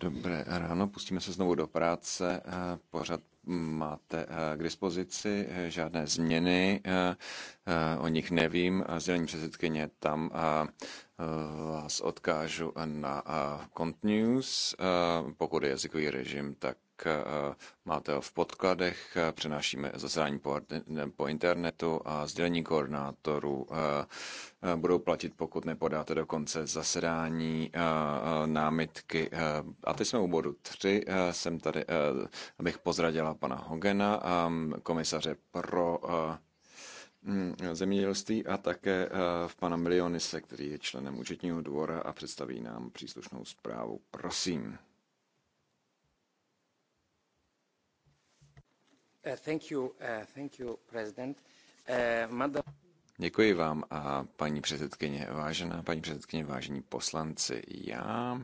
Dobré ráno, pustíme se znovu do práce. Eh, pořad máte eh, k dispozici, eh, žádné změny, o nich nevím. Sdělení předsedkyně tam vás odkážu na Cont News. Pokud je jazykový režim, tak Eh, máte ho v podkladech, eh, přenášíme zasedání po, po internetu a sdělení koordinátorů eh, budou platit, pokud nepodáte do konce zasedání námitky. A teď jsme u bodu 3. Jsem tady, abych pozradila pana Hogena, ehm, komisaře pro mm, zemědělství a také v pana Milionise, který je členem účetního dvora a představí nám příslušnou zprávu. Prosím. Eh, eh, eh, Děkuji vám a paní předsedkyně, vážená paní předsedkyně, vážení poslanci, já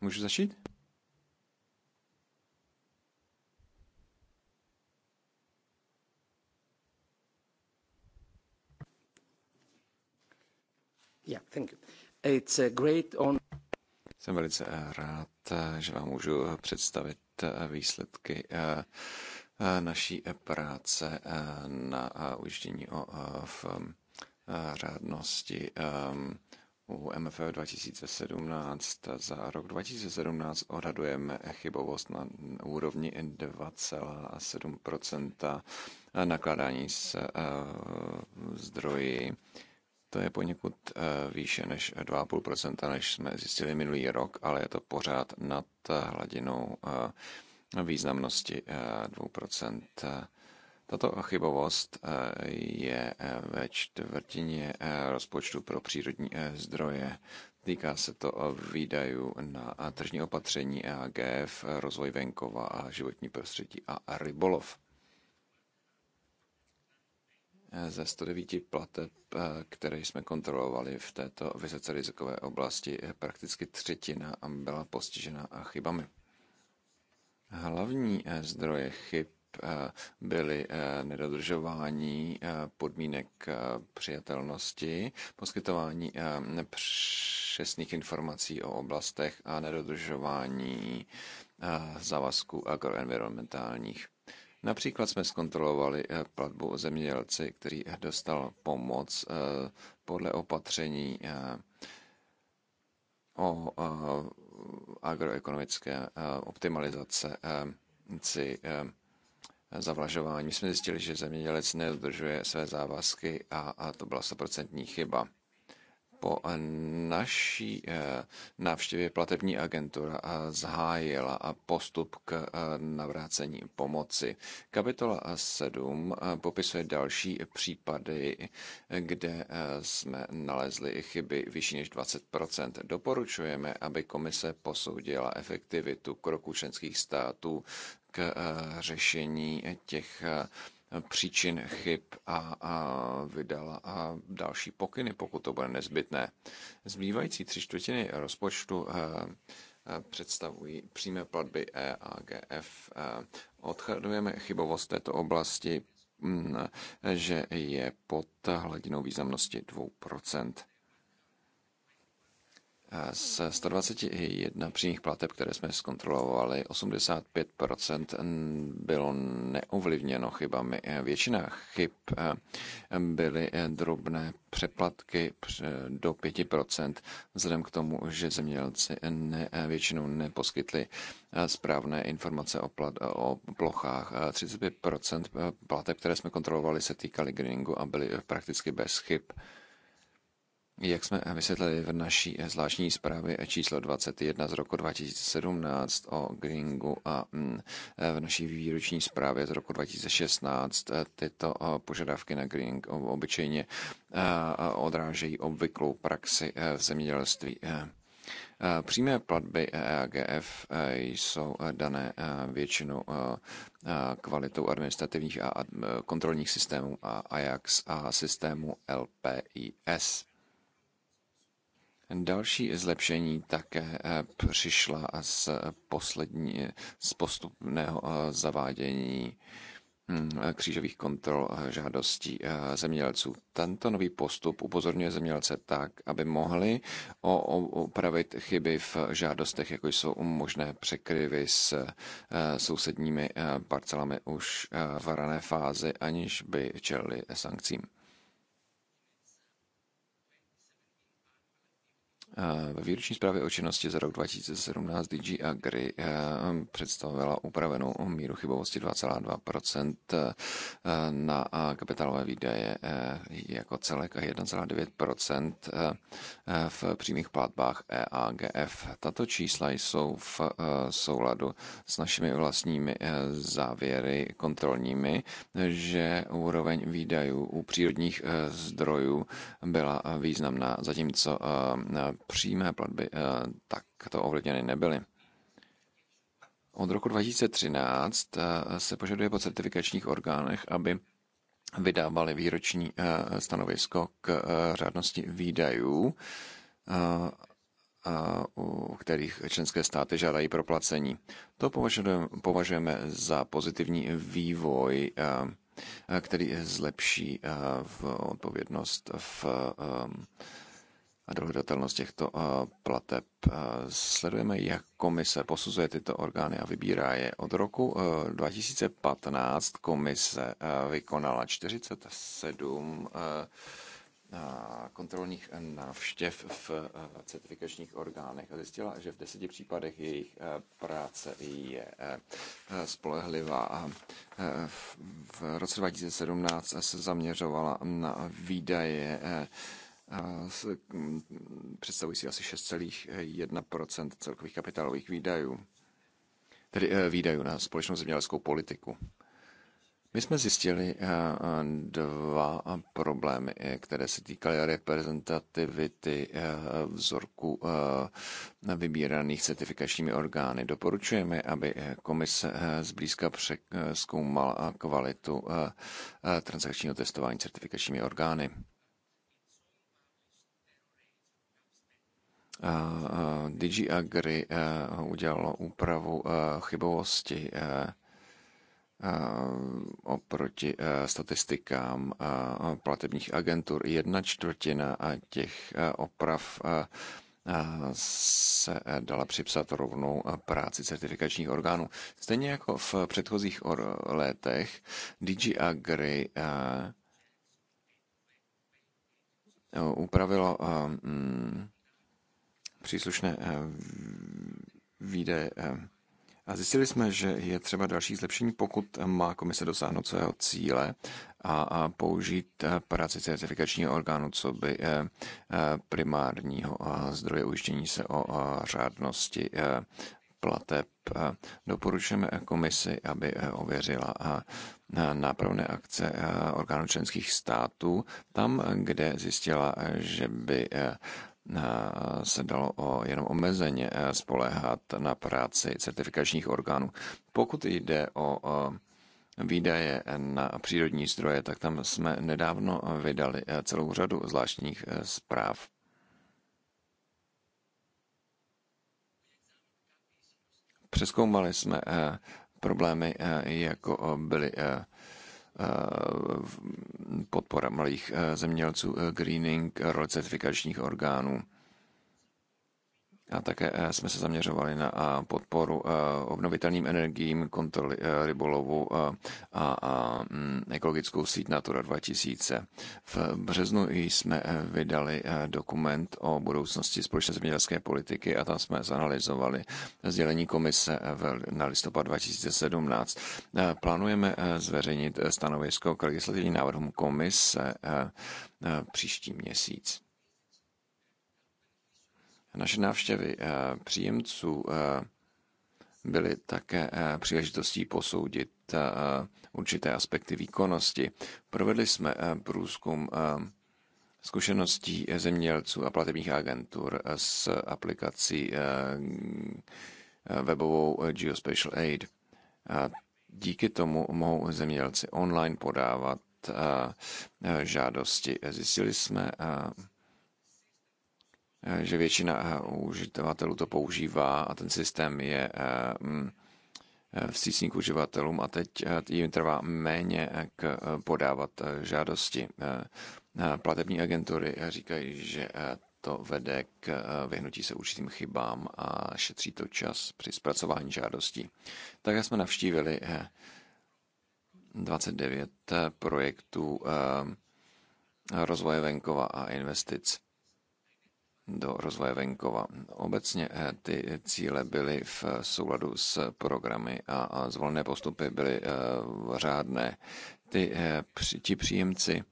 Můžu začít? Jsem velice eh, rád, eh, že vám můžu eh, představit výsledky naší práce na ujištění o v řádnosti u MFF 2017 za rok 2017 odhadujeme chybovost na úrovni 2,7 nakládání s zdroji to je poněkud eh, výše než 2,5%, než jsme zjistili minulý rok, ale je to pořád nad eh, hladinou eh, významnosti 2%. Tato chybovost je ve čtvrtině rozpočtu pro přírodní zdroje. Týká se to výdajů na tržní opatření EAGF, rozvoj venkova a životní prostředí a rybolov. Eh, ze 109 plateb, eh, které jsme kontrolovali v této vysoce rizikové oblasti, prakticky třetina byla postižena chybami. Hlavní eh, zdroje chyb byly nedodržování podmínek přijatelnosti, poskytování přesných informací o oblastech a nedodržování závazků agroenvironmentálních. Například jsme zkontrolovali eh, platbu zemědělci, který eh, dostal pomoc eh, podle opatření o agroekonomické optimalizace si zavlažování. My jsme zjistili, že zemědělec nedodržuje své závazky a, a to byla 100% chyba. Po naší eh, návštěvě platební agentura eh, zahájila eh, postup k navrácení pomoci. Kapitola 7 popisuje další případy, kde jsme nalezli chyby vyšší než 20 Doporučujeme, aby komise posoudila efektivitu kroku členských států k řešení těch příčin chyb a, a vydal a další pokyny, pokud to bude nezbytné. Zbývající tři čtvrtiny rozpočtu eh, eh, představují přímé platby EAGF. Eh, odhadujeme chybovost této oblasti, mm, že je pod hladinou významnosti 2%. Z 121 přímých plateb, které jsme zkontrolovali, 85% bylo neovlivněno chybami. Většina chyb eh, byly eh, drobné přeplatky do 5%, vzhledem k tomu, že zemědělci ne, eh, většinou neposkytli správné informace o, plat, o plochách. 35% plateb, které jsme kontrolovali, se týkaly greeningu a byly prakticky bez chyb. Jak jsme vysvětlili v naší zvláštní zprávě číslo 21 z roku 2017 o gringu a mm, v naší výroční zprávě z roku 2016, eh, tyto eh, požadavky na gring obyčejně eh, odrážejí obvyklou praxi v zemědělství. Přímé platby EAGF jsou dané většinou kvalitou administrativních a kontrolních systémů a AJAX a systému LPIS. Další zlepšení také eh, přišla z, eh, poslední, eh, z postupného zavádění hm, křížových kontrol žádostí zemědělců. Tento nový postup upozorňuje zemědělce tak, aby mohli opravit chyby v žádostech, jako jsou možné překryvy s sousedními parcelami už v rané fázi, aniž by čelili sankcím. Eh, ve výroční zprávě o činnosti za rok 2017 DG Agri eh, představila upravenou míru chybovosti 2,2% eh, na kapitálové výdaje jako celek a 1,9% v přímých platbách EAGF. Tato čísla jsou v souladu s našimi vlastními závěry kontrolními, že úroveň výdajů u přírodních zdrojů byla významná, zatímco přímé platby eh, tak to ovlivněny nebyly. Od roku 2013 eh, se požaduje po certifikačních orgánech, aby vydávali výroční eh, stanovisko k řádnosti výdajů, u kterých členské státy žádají proplacení. To považujeme za pozitivní vývoj, který zlepší v odpovědnost v a dohledatelnost těchto eh, plateb. Eh, sledujeme, jak komise posuzuje tyto orgány a vybírá je. Od roku 2015 eh, komise vykonala 47 kontrolních návštěv v certifikačních orgánech a zjistila, že v deseti případech jejich práce je spolehlivá. V roce 2017 se zaměřovala na výdaje Mm, představují si asi 6,1 celkových kapitálových výdajů, tedy eh, výdajů na společnou zemědělskou politiku. My jsme zjistili eh, dva problémy, eh, které se týkaly reprezentativity vzorku vybíraných certifikačními orgány. Doporučujeme, aby komise zblízka přeskoumala kvalitu transakčního testování certifikačními orgány. DG Agri eh, udělalo úpravu eh, chybovosti eh, oproti statistikám platebních agentur. Jedna čtvrtina těch oprav se dala připsat rovnou práci certifikačních orgánů. Stejně jako v předchozích letech, DG Agri upravilo mm, příslušné eh, výdaje. Eh. A zjistili jsme, že je třeba další zlepšení, pokud má komise dosáhnout svého cíle a použít eh, práci certifikačního orgánu, co by primárního zdroje ujištění se o řádnosti plateb. Doporučujeme komisi, aby ověřila nápravné akce orgánů členských států tam, kde zjistila, že by Eh, se dalo o, eh, jenom omezeně eh, spoléhat na práci certifikačních orgánů. Pokud jde o výdaje na přírodní zdroje, tak tam jsme nedávno vydali celou řadu zvláštních zpráv. Přeskoumali jsme problémy, jako byly podpora malých eh, zemědělců, eh, greening, eh, role certifikačních orgánů. A také eh, jsme se zaměřovali na eh, podporu eh, obnovitelným energiím, kontroly rybolovu a mm, ekologickou síť Natura 2000. V březnu jsme vydali dokument o budoucnosti společné zemědělské politiky a tam jsme zanalizovali sdělení komise na listopad 2017. Plánujeme zveřejnit stanovisko k legislativním návrhům komise příští měsíc. Naše návštěvy eh, příjemců eh, byly také eh, příležitostí posoudit určité aspekty výkonnosti. Provedli jsme průzkum zkušeností zemědělců a platebních agentur s aplikací webovou Geospatial Aid. Díky tomu mohou zemědělci online podávat žádosti. Zjistili jsme, Eh, že většina eh, uživatelů to používá a ten systém je eh, mm, vstřícný k uživatelům a teď jim trvá méně k podávat žádosti. Platební agentury říkají, že to vede k vyhnutí se určitým chybám a šetří to čas při zpracování žádostí. Tak jsme navštívili 29 projektů rozvoje venkova a investic do rozvoje venkova. Obecně eh, ty cíle byly v souladu s programy a zvolené postupy byly eh, řádné. Ty, eh, ti příjemci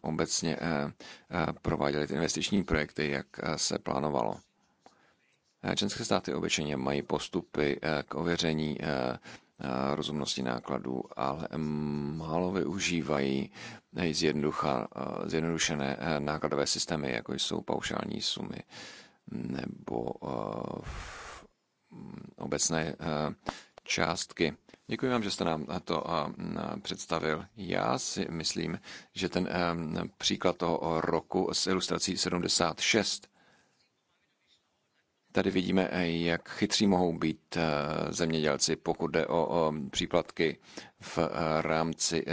obecně prováděli ty investiční projekty, jak se plánovalo. Členské státy obyčejně mají postupy k ověření Eh, rozumnosti nákladů, ale málo využívají eh, eh, zjednodušené nákladové systémy, jako jsou paušální sumy nebo obecné částky. Děkuji vám, že jste nám to představil. Já si myslím, že ten příklad toho roku s ilustrací 76 Tady vidíme, eh, jak chytří mohou být eh, zemědělci, pokud jde o příplatky v eh, rámci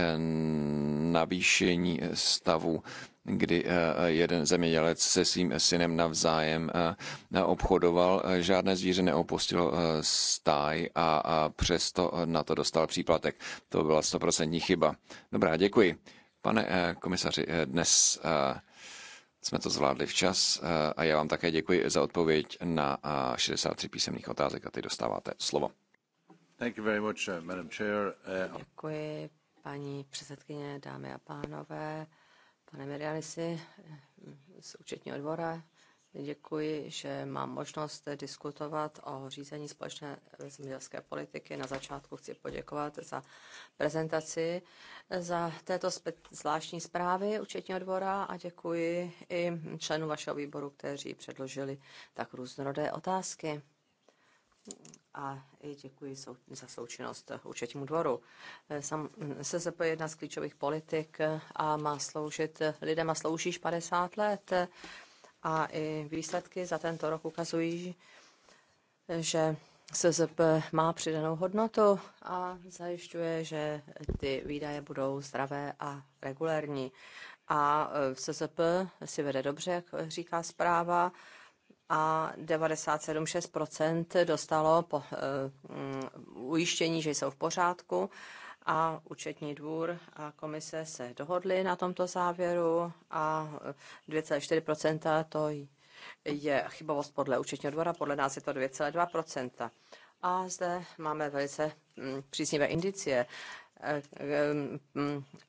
navýšení stavu, kdy jeden zemědělec se svým synem navzájem obchodoval. Žádné zvíře neopustilo stáj a přesto na to dostal příplatek. To byla stoprocentní chyba. Dobrá, děkuji. Pane komisaři, dnes jsme to zvládli včas eh, a já vám také děkuji za odpověď na 63 eh, písemných otázek a ty dostáváte slovo. Eh, děkuji, paní předsedkyně, dámy a pánové, pane Mirianisi z účetního dvora. Děkuji, že mám možnost diskutovat o řízení společné zemědělské politiky. Na začátku chci poděkovat za prezentaci za této zvláštní zprávy účetního dvora a děkuji i členům vašeho výboru, kteří předložili tak různorodé otázky. A děkuji za součinnost účetnímu dvoru. Sam se je jedna z klíčových politik a má sloužit lidem a sloužíš 50 let a i výsledky za tento rok ukazují, že SZP má přidanou hodnotu a zajišťuje, že ty výdaje budou zdravé a regulérní. A e, SZP si vede dobře, jak říká zpráva, a 97,6 dostalo po, uh, ujištění, že jsou v pořádku a účetní dvůr a komise se dohodly na tomto závěru a 2,4 to je chybovost podle účetního dvora, podle nás je to 2,2 A zde máme velice mm, příznivé indicie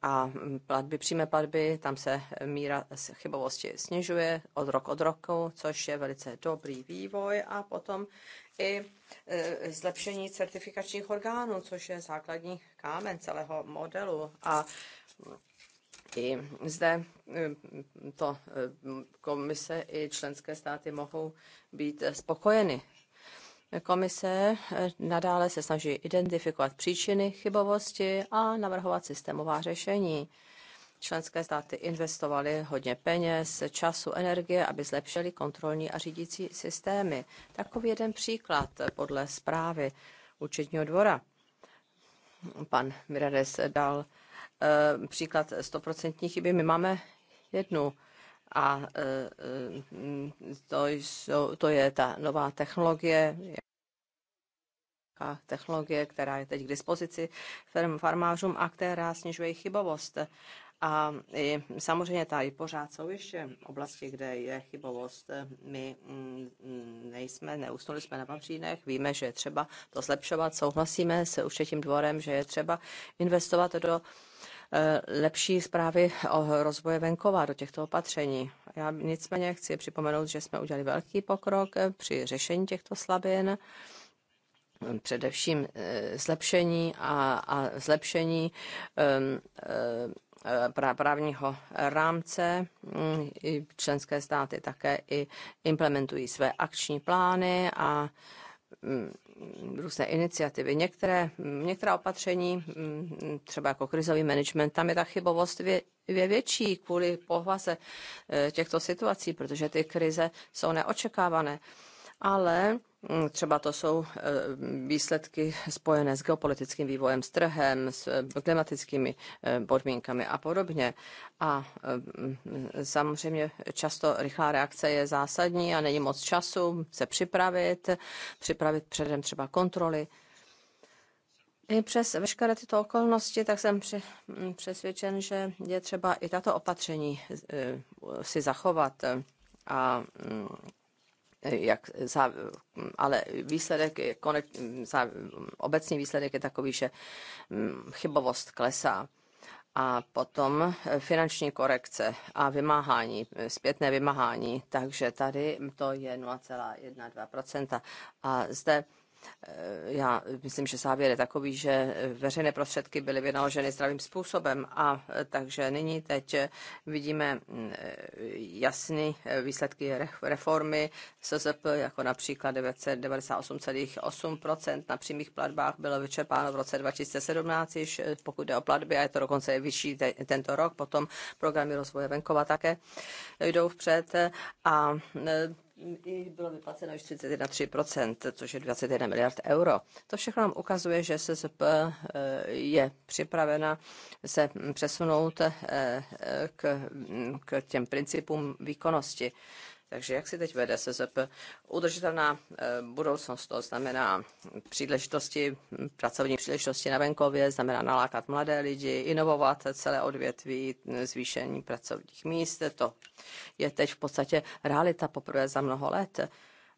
a platby, přímé platby, tam se míra chybovosti snižuje od rok od roku, což je velice dobrý vývoj a potom i e, zlepšení certifikačních orgánů, což je základní kámen celého modelu a i zde e, to e, komise i členské státy mohou být spokojeny Komise eh, nadále se snaží identifikovat příčiny chybovosti a navrhovat systémová řešení. Členské státy investovaly hodně peněz, času, energie, aby zlepšili kontrolní a řídící systémy. Takový jeden příklad podle zprávy účetního dvora. Pan Mirades dal e, příklad 100% chyby. My máme jednu a eh, to, jsou, to je ta nová technologie, a technologie, která je teď k dispozici firm, farmářům a která snižuje jejich chybovost. A i, samozřejmě tady pořád jsou ještě oblasti, kde je chybovost. My mm, nejsme, neusnuli jsme na vavřínech, víme, že je třeba to zlepšovat, souhlasíme se určitým dvorem, že je třeba investovat do eh, lepší zprávy o rozvoje venkova do těchto opatření. Já nicméně chci připomenout, že jsme udělali velký pokrok eh, při řešení těchto slabin především eh, zlepšení a, a zlepšení ehm, eh, právního rámce. Mm, I členské státy také i implementují své akční plány a mm, různé iniciativy. Některé, některá opatření, mm, třeba jako krizový management, tam je ta chybovost vě, vě větší kvůli povaze eh, těchto situací, protože ty krize jsou neočekávané. Ale Mm, třeba to jsou eh, výsledky spojené s geopolitickým vývojem, s trhem, s eh, klimatickými eh, podmínkami a podobně. A samozřejmě často rychlá reakce je zásadní a není moc času se připravit, připravit předem třeba kontroly. I přes veškeré tyto okolnosti, tak jsem mm, přesvědčen, že je třeba i tato opatření si zachovat a mm, Eh, jak za, ale výsledek, konec, za, obecný výsledek je takový, že mm, chybovost klesá a potom eh, finanční korekce a vymáhání, eh, zpětné vymáhání. Takže tady to je 0,12%. A zde Eh, já myslím, že závěr je takový, že veřejné prostředky byly vynaloženy zdravým způsobem a eh, takže nyní teď eh, vidíme mm, jasný výsledky reformy SZP, jako například 98,8% na přímých platbách bylo vyčerpáno v roce 2017, již pokud jde o platby, a je to dokonce vyšší te, tento rok, potom programy rozvoje venkova také jdou vpřed a i bylo vyplaceno již 31,3%, což je 21 miliard euro. To všechno nám ukazuje, že SSP eh, je připravena se přesunout eh, eh, k, k těm principům výkonnosti. Takže jak si teď vede SZP? Udržitelná eh, budoucnost to znamená příležitosti, pracovní příležitosti na venkově, znamená nalákat mladé lidi, inovovat celé odvětví, zvýšení pracovních míst. To je teď v podstatě realita poprvé za mnoho let.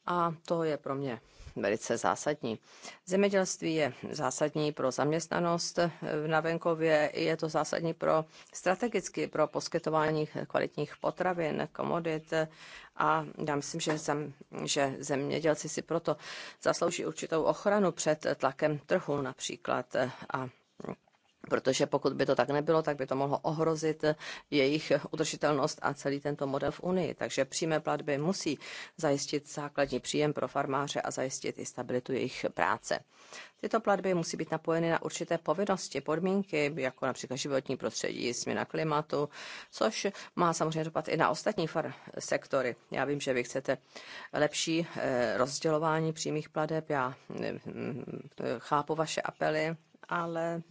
A to je pro mě velice zásadní. Zemědělství je zásadní pro zaměstnanost eh, na venkově, je to zásadní pro strategicky pro poskytování kvalitních potravin, komodit eh, a já myslím, že, zem, že zemědělci si proto zaslouží určitou ochranu před tlakem trhu například eh, a Protože pokud by to tak nebylo, tak by to mohlo ohrozit jejich udržitelnost a celý tento model v Unii. Takže přímé platby musí zajistit základní příjem pro farmáře a zajistit i stabilitu jejich práce. Tyto platby musí být napojeny na určité povinnosti, podmínky, jako například životní prostředí, změna klimatu, což má samozřejmě dopad i na ostatní far- sektory. Já vím, že vy chcete lepší eh, rozdělování přímých plateb, já eh, mm, chápu vaše apely, ale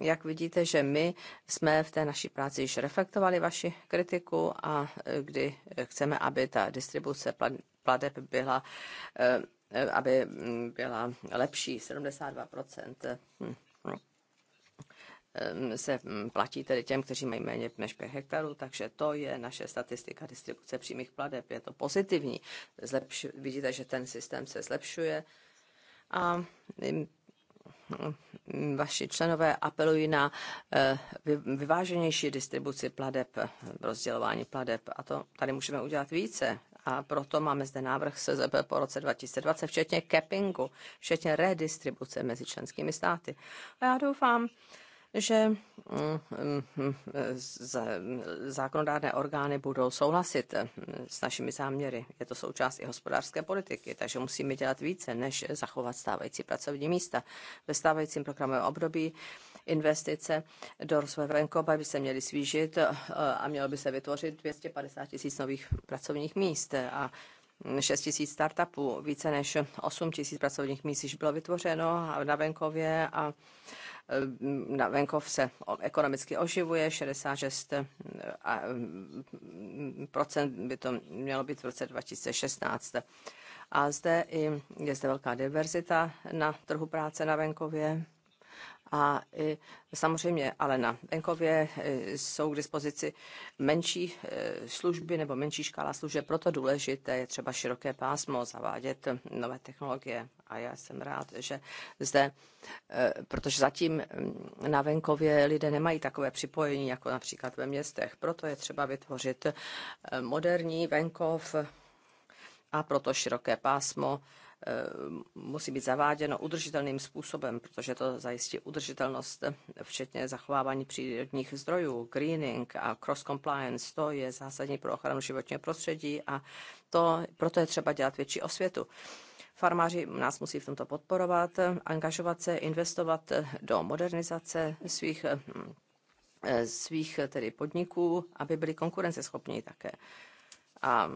jak vidíte, že my jsme v té naší práci již reflektovali vaši kritiku a e, kdy e, chceme, aby ta distribuce plateb byla e, aby mm, byla lepší, 72% hm, no. se mm, platí tedy těm, kteří mají méně než 5 hektarů, takže to je naše statistika distribuce přímých pladeb. Je to pozitivní. Zlepš, vidíte, že ten systém se zlepšuje. A mm, No, vaši členové apelují na eh, vyváženější distribuci pladeb, rozdělování pladeb a to tady můžeme udělat více. A proto máme zde návrh SZB po roce 2020, včetně cappingu, včetně redistribuce mezi členskými státy. A já doufám, že mm, mm, zákonodárné orgány budou souhlasit eh, s našimi záměry. Je to součást i hospodářské politiky, takže musíme dělat více, než zachovat stávající pracovní místa. Ve stávajícím programu období investice do rozvoje venkova by se měly svížit eh, a mělo by se vytvořit 250 tisíc nových pracovních míst. A 6 tisíc startupů, více než 8 tisíc pracovních míst již bylo vytvořeno na venkově a Eh, na venkov se ekonomicky oživuje, 66 eh, mm, by to mělo být v roce 2016. A zde i, je zde velká diverzita na trhu práce na venkově. A i, samozřejmě, ale na venkově eh, jsou k dispozici menší služby nebo menší škála služeb, proto důležité je třeba široké pásmo zavádět nové technologie. A já jsem rád, že zde, eh, protože zatím mm, na venkově lidé nemají takové připojení jako například ve městech. Proto je třeba vytvořit eh, moderní venkov a proto široké pásmo eh, musí být zaváděno udržitelným způsobem, protože to zajistí udržitelnost, včetně zachovávání přírodních zdrojů, greening a cross compliance, to je zásadní pro ochranu životního prostředí a to, proto je třeba dělat větší osvětu. Farmáři nás musí v tomto podporovat, angažovat se, investovat do modernizace svých svých tedy podniků, aby byli konkurenceschopní také. A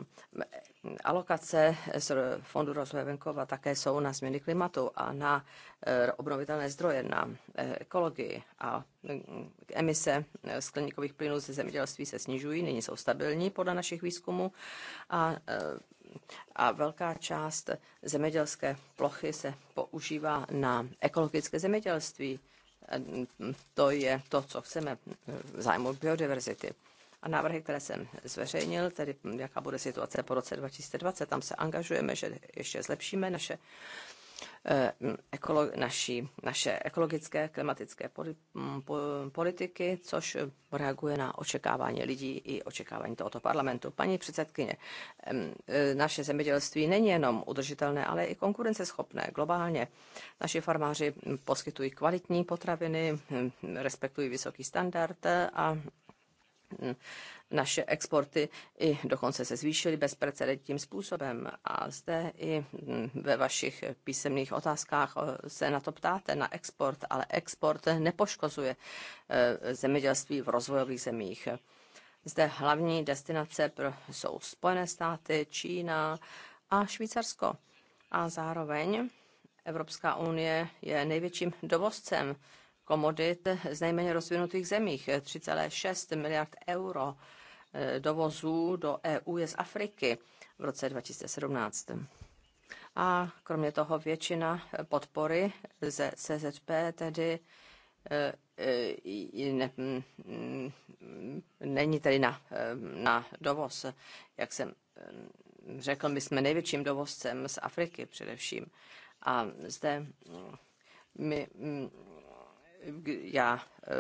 alokace z Fondu rozvoje venkova také jsou na změny klimatu a na eh, obnovitelné zdroje, na eh, ekologii a eh, emise skleníkových plynů ze zemědělství se snižují, nyní jsou stabilní podle našich výzkumů a a velká část zemědělské plochy se používá na ekologické zemědělství. To je to, co chceme v zájmu biodiverzity. A návrhy, které jsem zveřejnil, tedy jaká bude situace po roce 2020, tam se angažujeme, že ještě zlepšíme naše Eh, ekolo, naší, naše ekologické klimatické politiky, což eh, reaguje na očekávání lidí i očekávání tohoto parlamentu. Paní předsedkyně, eh, naše zemědělství není jenom udržitelné, ale i konkurenceschopné globálně. Naši farmáři poskytují kvalitní potraviny, hm, respektují vysoký standard a Mm, naše exporty i dokonce se zvýšily bezprecedentním způsobem. A zde i mm, ve vašich písemných otázkách eh, se na to ptáte, na export, ale export nepoškozuje eh, zemědělství v rozvojových zemích. Zde hlavní destinace jsou Spojené státy, Čína a Švýcarsko. A zároveň Evropská unie je největším dovozcem komodit z nejméně rozvinutých zemích. 3,6 miliard euro eh, dovozů do EU je z Afriky v roce 2017. A kromě toho většina podpory ze CZP tedy eh, eh, ne, mm, není tedy na, na dovoz. Jak jsem mm, řekl, my jsme největším dovozcem z Afriky především. A zde mm, my já, eh,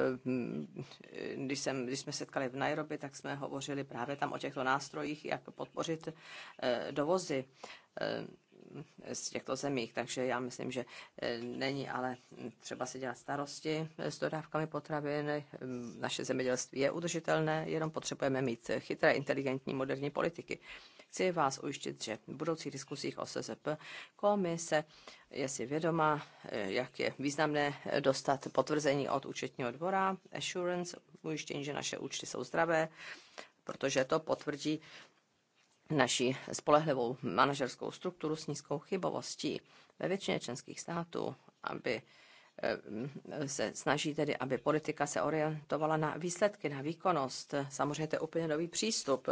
když, jsem, když jsme setkali v Nairobi, tak jsme hovořili právě tam o těchto nástrojích, jak podpořit eh, dovozy eh, z těchto zemích, takže já myslím, že není ale třeba si dělat starosti s dodávkami potravin. Naše zemědělství je udržitelné, jenom potřebujeme mít chytré, inteligentní, moderní politiky. Chci vás ujistit, že v budoucích diskusích o SZP komise je si vědoma, eh, jak je významné eh, dostat potvrzení od účetního dvora, assurance, ujištění, že naše účty jsou zdravé, protože to potvrdí naši spolehlivou manažerskou strukturu s nízkou chybovostí ve většině členských států, aby eh, se snaží tedy, aby politika se orientovala na výsledky, na výkonnost. Samozřejmě to je úplně nový přístup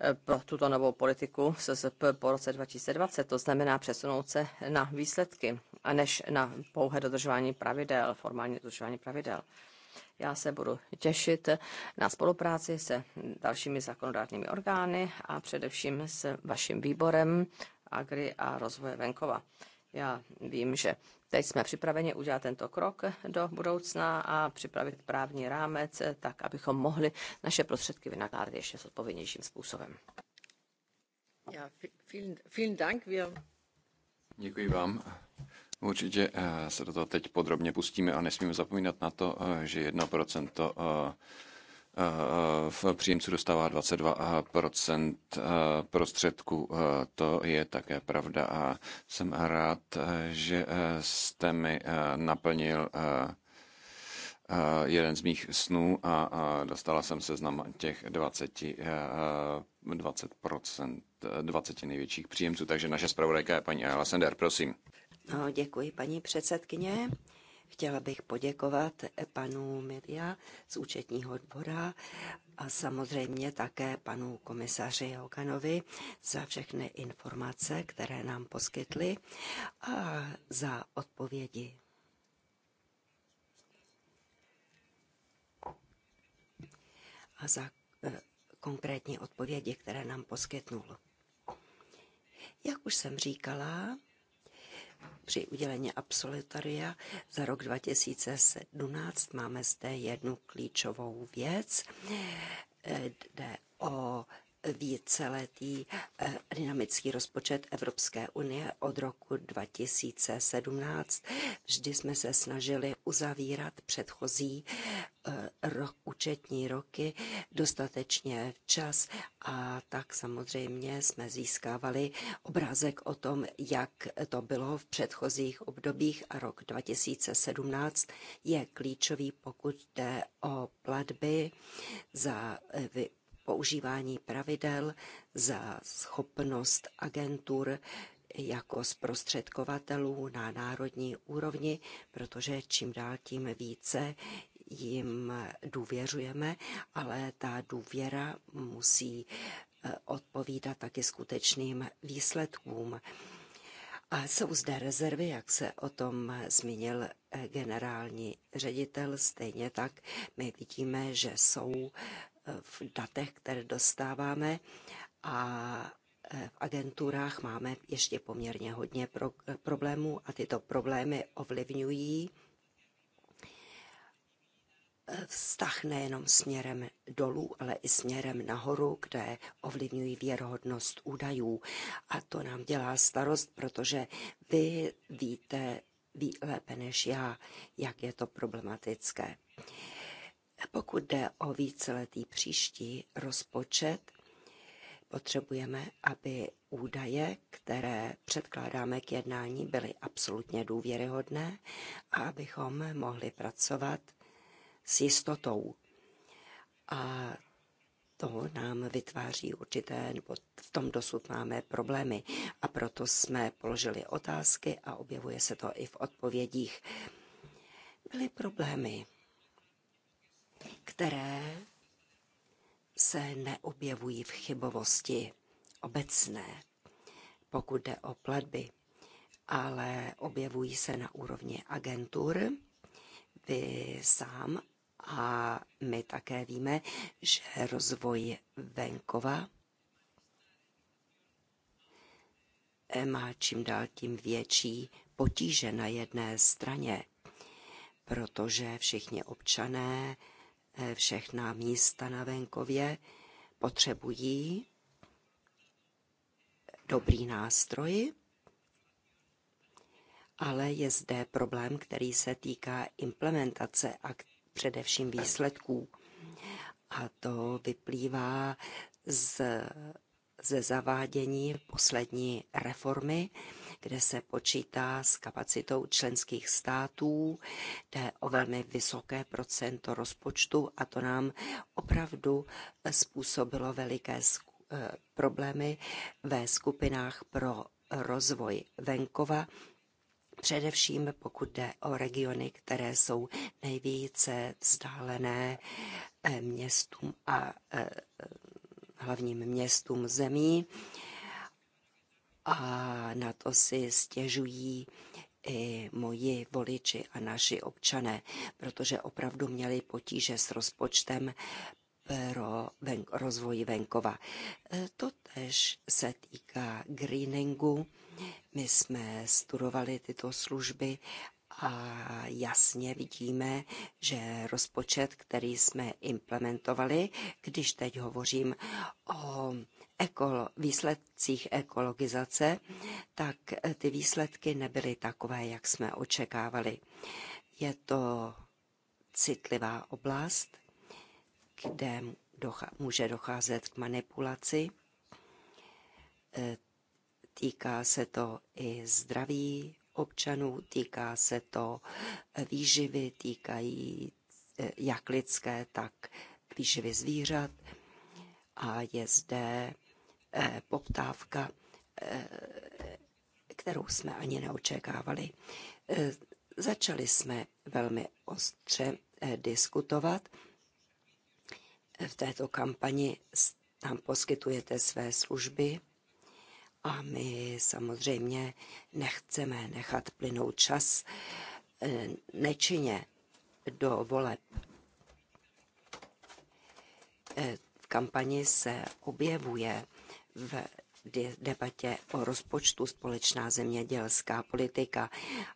Eh, pro tuto novou politiku SZP po roce 2020, to znamená přesunout se na výsledky a než na pouhé dodržování pravidel, formální dodržování pravidel. Já se budu těšit na spolupráci se dalšími zákonodárnými orgány a především s vaším výborem Agri a rozvoje venkova. Já vím, že Teď jsme připraveni udělat tento krok do budoucna a připravit právní rámec eh, tak, abychom mohli naše prostředky vynakládat ještě zodpovědnějším způsobem. Ja, vielen, vielen Dank. Wir... Děkuji vám. Určitě eh, se do toho teď podrobně pustíme a nesmíme zapomínat na to, eh, že 1% Eh, v příjemců dostává 22 eh, eh, prostředků. To je také pravda a jsem rád, že jste mi naplnil jeden z mých snů a dostala jsem seznam těch 20, 20, 20 největších příjemců. Takže naše zpravodajka je paní Alessander. Sender, prosím. No, děkuji, paní předsedkyně. Chtěla bych poděkovat panu Miria z účetního dvora a samozřejmě také panu komisaři Hoganovi za všechny informace, které nám poskytli a za odpovědi. A za eh, konkrétní odpovědi, které nám poskytnul. Jak už jsem říkala, při udělení absolutoria za rok 2017 máme zde jednu klíčovou věc. Eh, jde o víceletý eh, dynamický rozpočet Evropské unie od roku 2017. Vždy jsme se snažili uzavírat předchozí eh, rok, účetní roky dostatečně včas a tak samozřejmě jsme získávali obrázek o tom, jak to bylo v předchozích obdobích a rok 2017 je klíčový, pokud jde o platby za eh, používání pravidel, za schopnost agentur jako zprostředkovatelů na národní úrovni, protože čím dál tím více jim důvěřujeme, ale ta důvěra musí eh, odpovídat taky skutečným výsledkům. A jsou zde rezervy, jak se o tom zmínil eh, generální ředitel. Stejně tak my vidíme, že jsou v datech, které dostáváme a eh, v agenturách máme ještě poměrně hodně pro, eh, problémů a tyto problémy ovlivňují eh, vztah nejenom směrem dolů, ale i směrem nahoru, kde ovlivňují věrohodnost údajů. A to nám dělá starost, protože vy víte ví lépe než já, jak je to problematické. Uh, pokud jde o víceletý příští rozpočet, potřebujeme, aby údaje, které předkládáme k jednání, byly absolutně důvěryhodné a abychom mohli pracovat s jistotou. A to nám vytváří určité, nebo v tom dosud máme problémy. A proto jsme položili otázky a objevuje se to i v odpovědích. Byly problémy které se neobjevují v chybovosti obecné, pokud jde o platby, ale objevují se na úrovni agentur. Vy sám a my také víme, že rozvoj venkova má čím dál tím větší potíže na jedné straně, protože všichni občané Eh, všechna místa na venkově potřebují dobrý nástroj, ale je zde problém, který se týká implementace a především výsledků. A to vyplývá z, ze zavádění poslední reformy kde se počítá s kapacitou členských států. Jde o velmi vysoké procento rozpočtu a to nám opravdu eh, způsobilo veliké eh, problémy ve skupinách pro rozvoj venkova, především pokud jde o regiony, které jsou nejvíce vzdálené eh, městům a hlavním městům zemí a na to si stěžují i moji voliči a naši občané, protože opravdu měli potíže s rozpočtem pro ven, rozvoj venkova. E, to tež se týká greeningu. My jsme studovali tyto služby a jasně vidíme, že rozpočet, který jsme implementovali, když teď hovořím o ekolo, výsledcích ekologizace, tak eh, ty výsledky nebyly takové, jak jsme očekávali. Je to citlivá oblast, kde může docházet k manipulaci. Eh, týká se to i zdraví občanů, týká se to eh, výživy, týkají jak lidské, tak výživy zvířat. A je zde Eh, poptávka, eh, kterou jsme ani neočekávali. Eh, začali jsme velmi ostře diskutovat. V této kampani tam poskytujete své služby a my samozřejmě nechceme nechat plynout čas nečině do voleb. V kampani se objevuje v debatě o rozpočtu společná zemědělská politika.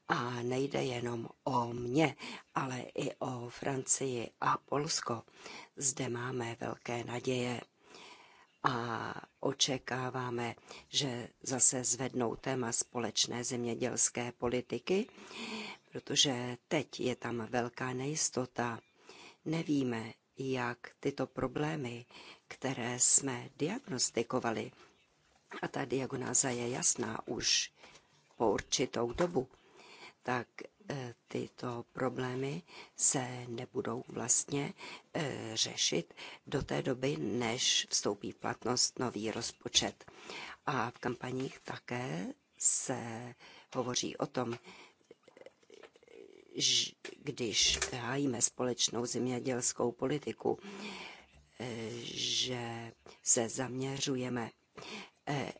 A nejde jenom o mě, ale i o Francii a Polsko. Zde máme velké naděje a očekáváme, že zase zvednou téma společné zemědělské politiky, protože teď je tam velká nejistota. Nevíme, jak tyto problémy, které jsme diagnostikovali, a ta diagnoza je jasná už po určitou dobu, tak eh, tyto problémy se nebudou vlastně eh, řešit do té doby, než vstoupí v platnost nový rozpočet. A v kampaních také se hovoří o tom, když hájíme společnou zemědělskou politiku, e, že se zaměřujeme e,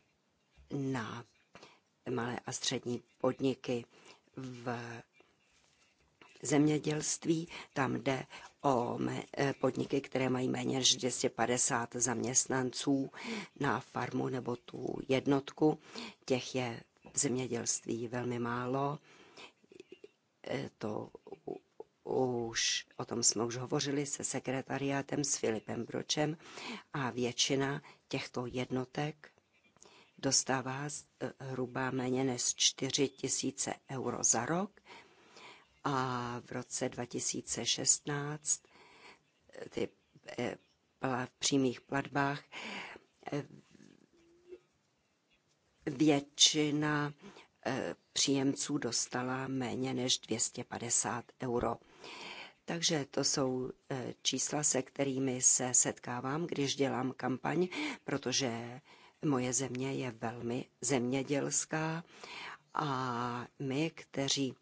na malé a střední podniky v zemědělství. Tam jde o e, podniky, které mají méně než 250 zaměstnanců na farmu nebo tu jednotku. Těch je v zemědělství velmi málo Eh, to už, o tom jsme už hovořili se sekretariátem s Filipem Bročem a většina těchto jednotek dostává eh, hruba méně než 4 tisíce euro za rok a v roce 2016 eh, ty v přímých platbách většina Eh, příjemců dostala méně než 250 euro. Takže to jsou eh, čísla, se kterými se setkávám, když dělám kampaň, protože moje země je velmi zemědělská a my, kteří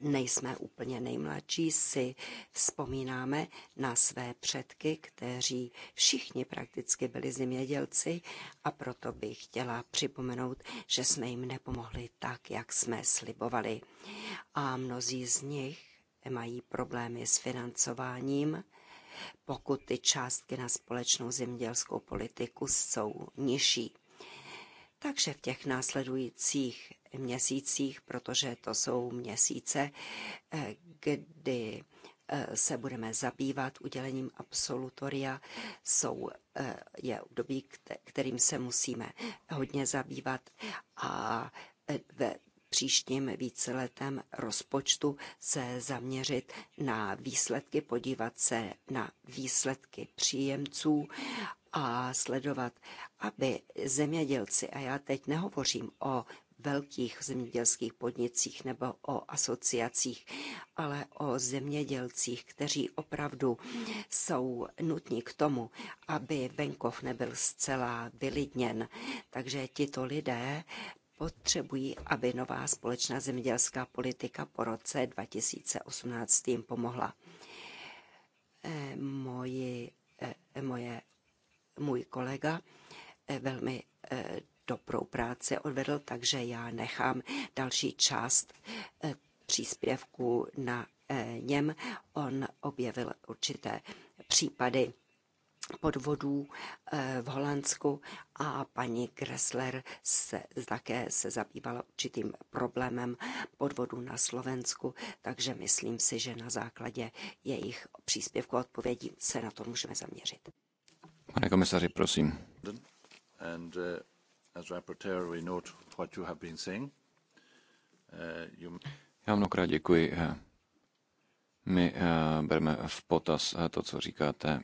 nejsme úplně nejmladší, si vzpomínáme na své předky, kteří všichni prakticky byli zemědělci a proto bych chtěla připomenout, že jsme jim nepomohli tak, jak jsme slibovali. A mnozí z nich mají problémy s financováním, pokud ty částky na společnou zemědělskou politiku jsou nižší. Takže v těch následujících měsících, protože to jsou měsíce, eh, kdy eh, se budeme zabývat udělením absolutoria, jsou, eh, je období, kterým se musíme hodně zabývat a ve příštím víceletém rozpočtu se zaměřit na výsledky, podívat se na výsledky příjemců a sledovat, aby zemědělci, a já teď nehovořím o velkých zemědělských podnicích nebo o asociacích, ale o zemědělcích, kteří opravdu jsou nutní k tomu, aby venkov nebyl zcela vylidněn. Takže tito lidé potřebují, aby nová společná zemědělská politika po roce 2018 jim pomohla. Eh, moji, eh, moje můj kolega eh, velmi eh, dobrou práci odvedl, takže já nechám další část eh, příspěvku na něm. On objevil určité případy podvodů v Holandsku a paní Kressler se, také se zabývala určitým problémem podvodů na Slovensku, takže myslím si, že na základě jejich příspěvku a odpovědí se na to můžeme zaměřit. Pane komisaři, prosím. Uh, uh, Já mnohokrát děkuji. Eh, my eh, bereme v potaz eh, to, co říkáte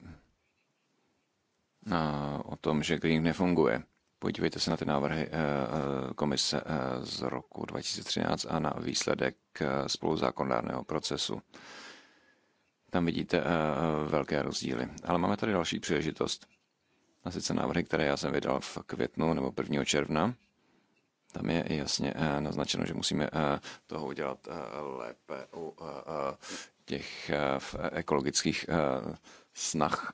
o tom, že green nefunguje. Podívejte se na ty návrhy komise z roku 2013 a na výsledek spoluzákonodárného procesu. Tam vidíte eh, eh, velké rozdíly. Ale máme tady další příležitost. A sice návrhy, které já jsem vydal v květnu nebo 1. června. Tam je jasně eh, naznačeno, že musíme toho udělat lépe u těch ekologických snah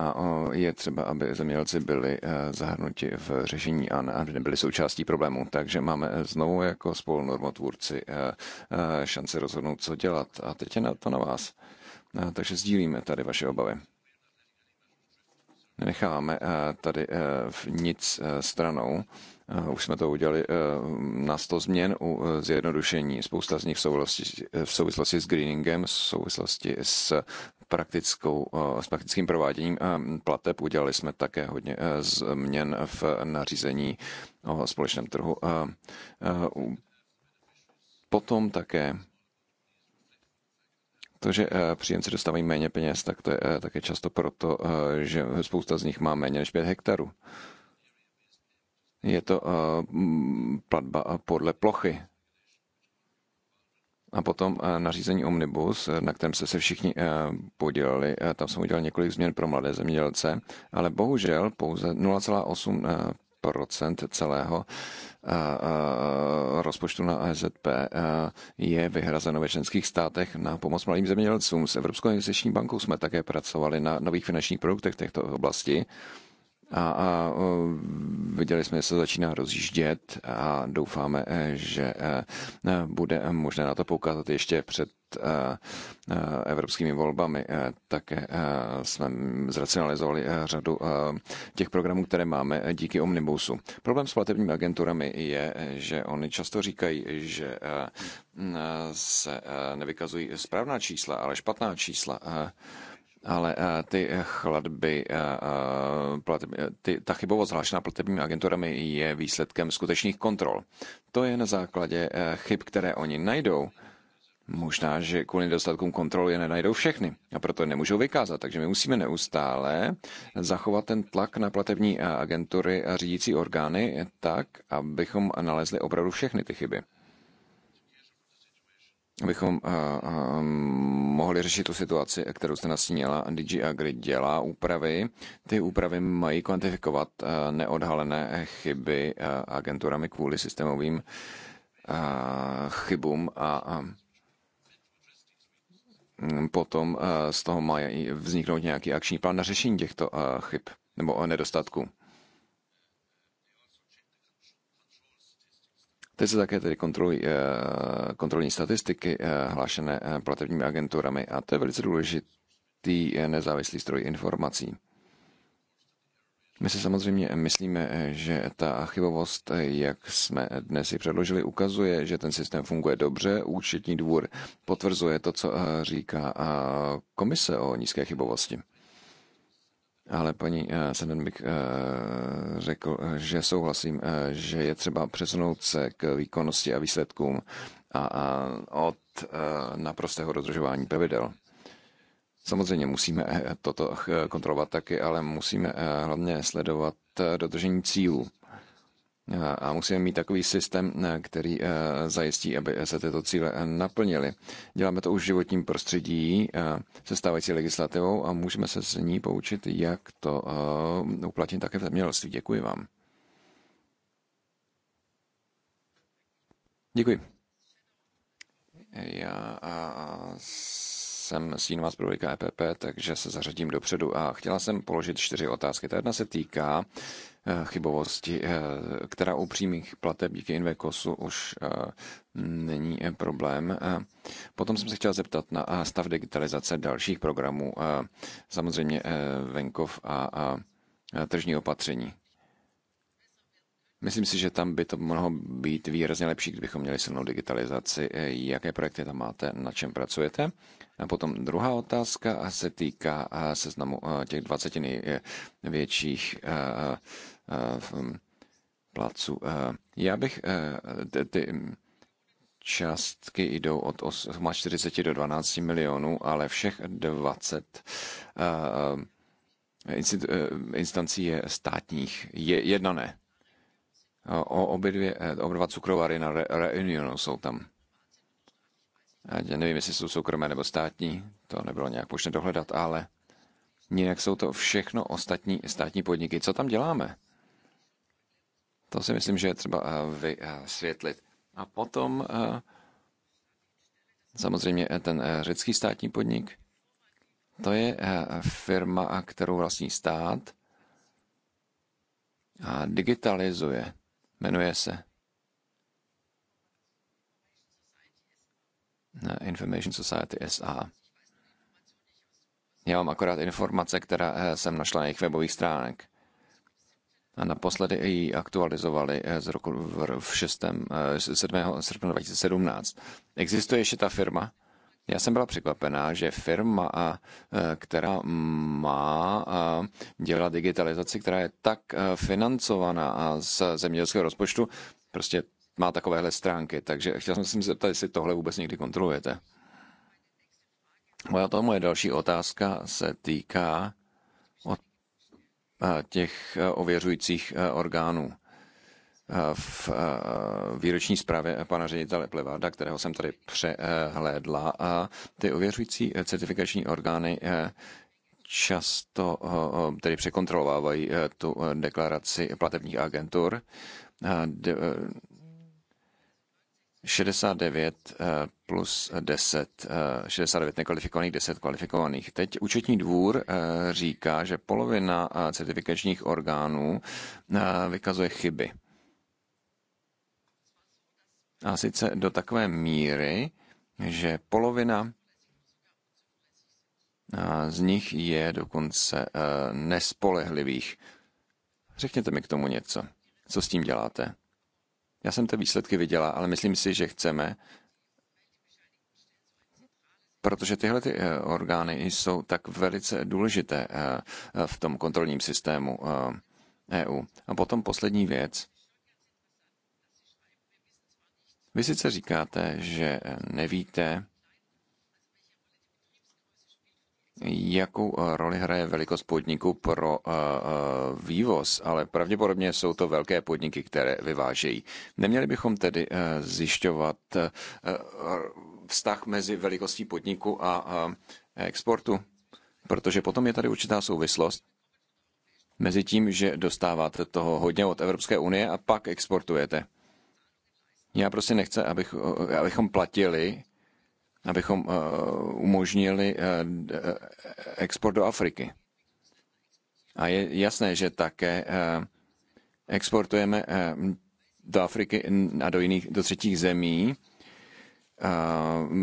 a je třeba, aby zemědělci byli e, zahrnuti v řešení a nebyli součástí problému. Takže máme e, znovu jako spolunormotvůrci e, šanci rozhodnout, co dělat. A teď je to na vás. Takže sdílíme tady vaše obavy. Necháme tady nic stranou. Už jsme to udělali na 100 změn u zjednodušení. Spousta z nich v souvislosti s greeningem, v souvislosti s praktickou, eh, s praktickým prováděním eh, plateb. Udělali jsme také hodně eh, změn v nařízení o společném trhu. Potom také to, že příjemci dostávají méně peněz, tak to je také často proto, že spousta z nich má méně než 5 hektarů. Je to platba podle plochy. A potom eh, nařízení Omnibus, eh, na kterém se se všichni eh, podělili, tam jsem udělal několik změn pro mladé zemědělce, ale bohužel pouze 0,8 procent celého rozpočtu na ASZP je vyhrazeno ve členských státech na pomoc malým zemědělcům. S Evropskou investiční bankou jsme také pracovali na nových finančních produktech v této oblasti a, a viděli jsme, že se začíná rozjíždět a doufáme, e, že e, e, bude možné na to poukázat ještě před evropskými volbami. Také jsme zracionalizovali řadu těch programů, které máme díky Omnibusu. Problém s platebními agenturami je, že oni často říkají, že se nevykazují správná čísla, ale špatná čísla ale eh, ty eh, chladby, eh, ty, ta chybovost hlášená platebními agenturami je výsledkem skutečných kontrol. To je na základě chyb, které oni najdou. Možná, že kvůli nedostatkům kontrol je nenajdou všechny a proto je nemůžou vykázat. Takže my musíme neustále zachovat ten tlak na platební agentury a řídící orgány tak, abychom nalezli opravdu všechny ty chyby abychom eh, eh, mohli řešit tu situaci, kterou jste nastínila. DG Agri dělá úpravy. Ty úpravy mají kvantifikovat eh, neodhalené chyby agenturami kvůli systémovým chybům a potom z toho mají vzniknout nějaký akční plán na řešení těchto chyb nebo nedostatků. Teď se také tedy kontrolují eh, kontrolní statistiky eh, hlášené eh, platebními agenturami a to je velice důležitý nezávislý stroj informací. My se samozřejmě myslíme, že ta chybovost, jak jsme dnes ji předložili, ukazuje, že ten systém funguje dobře. Účetní dvůr potvrzuje to, co říká komise o nízké chybovosti ale paní eh, Sendenbik eh, řekl, že souhlasím, eh, že je třeba přesunout se k výkonnosti a výsledkům a, a od naprostého dodržování pravidel. Samozřejmě musíme toto kontrolovat taky, ale musíme hlavně sledovat dodržení cílů. A musíme mít takový systém, eh, který eh, zajistí, aby se tyto cíle eh, naplnily. Děláme to už v životním prostředí se stávající legislativou a můžeme se z ní poučit, jak to uplatnit také v zemědělství. Děkuji vám. Děkuji. Já jsem stínová zpravodajka EPP, takže se zařadím dopředu a chtěla jsem položit čtyři otázky. Ta jedna se týká Eh, chybovosti, eh, která u přímých plateb díky Invekosu už eh, není problém. Potom jsem se chtěl zeptat na stav digitalizace dalších programů, samozřejmě venkov a tržní opatření. Myslím si, že tam by to mohlo být výrazně lepší, kdybychom měli silnou digitalizaci. Jaké projekty tam máte, na čem pracujete? A potom druhá otázka se týká eh, seznamu eh, těch 20 největších placů. Já bych eh, ty částky jdou od 40 do 12 milionů, ale všech 20 instancí je státních. Je, jedna ne o obě dvě, eh, obě dva cukrovary na Re- Reunionu jsou tam. Já nevím, jestli jsou soukromé nebo státní, to nebylo nějak možné dohledat, ale nějak jsou to všechno ostatní státní podniky. Co tam děláme? To si myslím, že je třeba eh, vysvětlit. A potom eh, samozřejmě ten řecký státní podnik, to je firma, kterou vlastní stát a digitalizuje Jmenuje se Information Society SA. Já mám akorát informace, která eh, jsem našla na jejich webových stránek. A naposledy ji aktualizovali eh, z roku v 6. 7. Eh, srpna 2017. Existuje ještě ta firma? Já jsem byla překvapená, že firma, e, která má dělat digitalizaci, která je tak e, financovaná z zemědělského rozpočtu, prostě má takovéhle stránky. Takže chtěl jsem se zeptat, jestli tohle vůbec někdy kontrolujete. Moje, to moje další otázka se týká od e, těch ověřujících orgánů v eh, výroční zprávě pana ředitele Plevarda, kterého jsem tady přehlédla. A ty ověřující eh, certifikační orgány eh, často tedy překontrolovávají tu deklaraci platebních agentur. 69 plus 10, 69 nekvalifikovaných, 10 kvalifikovaných. Teď účetní dvůr říká, že polovina certifikačních orgánů vykazuje chyby. A sice do takové míry, že polovina z nich je dokonce e, nespolehlivých. Řekněte mi k tomu něco. Co s tím děláte? Já jsem ty výsledky viděla, ale myslím si, že chceme, protože tyhle ty e, orgány jsou tak velice důležité e, v tom kontrolním systému EU. A potom poslední věc. Vy sice říkáte, že eh, nevíte, Jakou eh, roli hraje velikost podniku pro eh, vývoz, ale pravděpodobně jsou to velké podniky, které vyvážejí. Neměli bychom tedy zjišťovat vztah mezi velikostí podniku a exportu, protože potom je tady určitá souvislost mezi tím, že dostáváte toho hodně od Evropské unie a pak exportujete. Já prostě nechce, abych, eh, abychom platili, abychom uh, umožnili uh, export do Afriky. A je jasné, že také uh, exportujeme uh, do Afriky a do jiných, do třetích zemí, uh,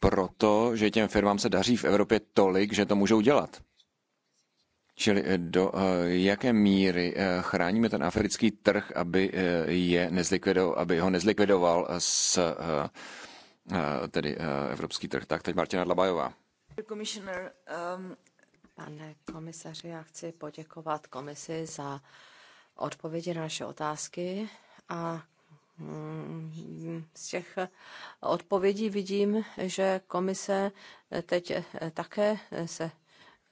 protože těm firmám se daří v Evropě tolik, že to můžou dělat. Čili eh, do eh, jaké míry eh, chráníme ten africký trh, aby, je nezlikvidoval, aby ho nezlikvidoval s tedy evropský trh. Tak teď Martina Dlabajová. Ehm, Pane komisaři, já chci poděkovat komisi za odpovědi na naše otázky a mm, z těch odpovědí vidím, že komise teď také se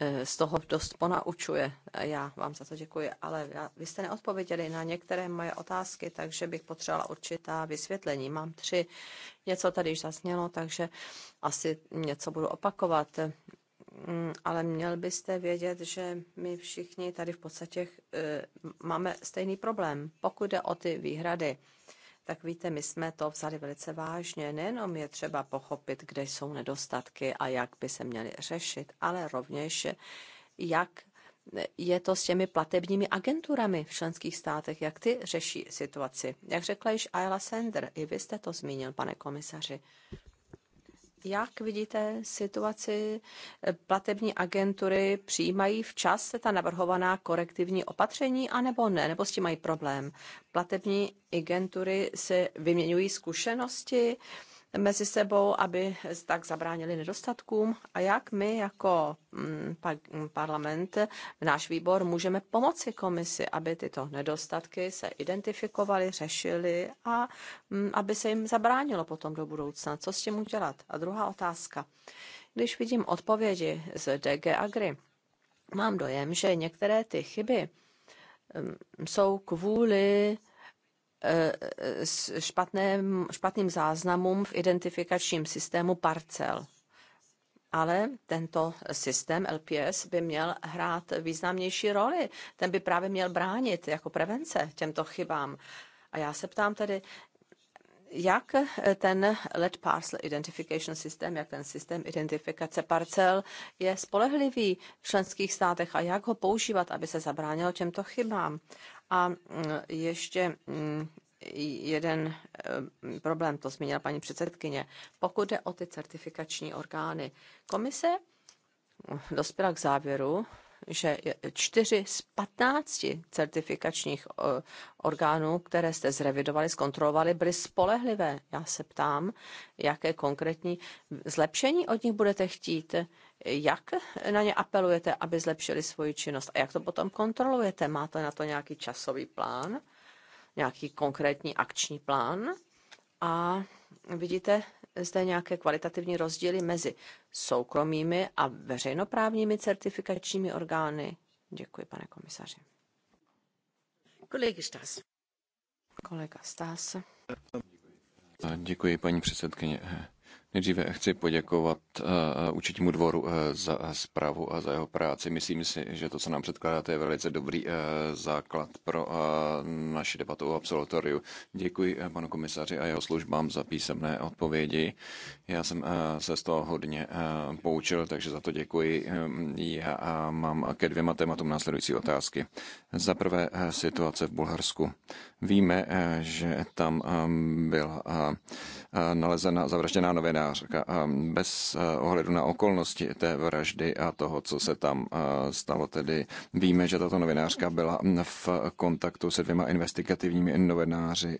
E, z toho dost ponaučuje. E, já vám za to děkuji, ale já, vy jste neodpověděli na některé moje otázky, takže bych potřebovala určitá vysvětlení. Mám tři, něco tady již zasnělo, takže asi něco budu opakovat. E, mm, ale měl byste vědět, že my všichni tady v podstatě máme stejný problém, pokud jde o ty výhrady tak víte, my jsme to vzali velice vážně. Nejenom je třeba pochopit, kde jsou nedostatky a jak by se měly řešit, ale rovněž jak je to s těmi platebními agenturami v členských státech, jak ty řeší situaci. Jak řekla již Ayla Sender, i vy jste to zmínil, pane komisaři. Jak vidíte situaci eh, platební agentury? Přijímají včas ta navrhovaná korektivní opatření, anebo ne? Nebo s tím mají problém? Platební agentury se vyměňují zkušenosti? Uh, mezi sebou, aby tak zabránili nedostatkům a jak my jako mm, mm, parlament, náš výbor, můžeme pomoci komisi, aby tyto nedostatky se identifikovaly, řešily a mm, aby se jim zabránilo potom do budoucna. Co s tím udělat? A druhá otázka. Když vidím odpovědi z DG Agri, mám dojem, že některé ty chyby jsou kvůli špatným, špatným záznamům v identifikačním systému parcel. Ale tento systém LPS by měl hrát významnější roli. Ten by právě měl bránit jako prevence těmto chybám. A já se ptám tedy, jak ten LED Parcel Identification System, jak ten systém identifikace parcel je spolehlivý v členských státech a jak ho používat, aby se zabránilo těmto chybám. A mm, ještě mm, jeden eh, problém, to zmínila paní předsedkyně. Pokud jde o ty certifikační orgány, komise mm, dospěla k závěru, že čtyři z patnácti certifikačních eh, orgánů, které jste zrevidovali, zkontrolovali, byly spolehlivé. Já se ptám, jaké konkrétní zlepšení od nich budete chtít, jak na ně apelujete, aby zlepšili svoji činnost a jak to potom kontrolujete? Máte na to nějaký časový plán, nějaký konkrétní akční plán? A vidíte zde nějaké kvalitativní rozdíly mezi soukromými a veřejnoprávními certifikačními orgány? Děkuji, pane komisaři. Kolega Stas. Kolega Stas. Děkuji, paní předsedkyně. Nejdříve chci poděkovat eh, eh, účetnímu dvoru eh, za zprávu a za jeho práci. Myslím si, že to, co nám předkládáte, je velice dobrý základ pro naši debatu o absolutoriu. Děkuji panu komisaři a jeho službám za písemné odpovědi. Já jsem se z toho hodně poučil, takže za to děkuji. Já mám ke dvěma tématům následující otázky. Za prvé situace v Bulharsku. Víme, že tam byl Eh, nalezena zavražděná novinářka eh, bez eh, ohledu na okolnosti té vraždy a toho, co se tam stalo. Tedy víme, že tato novinářka byla v kontaktu se dvěma investigativními novináři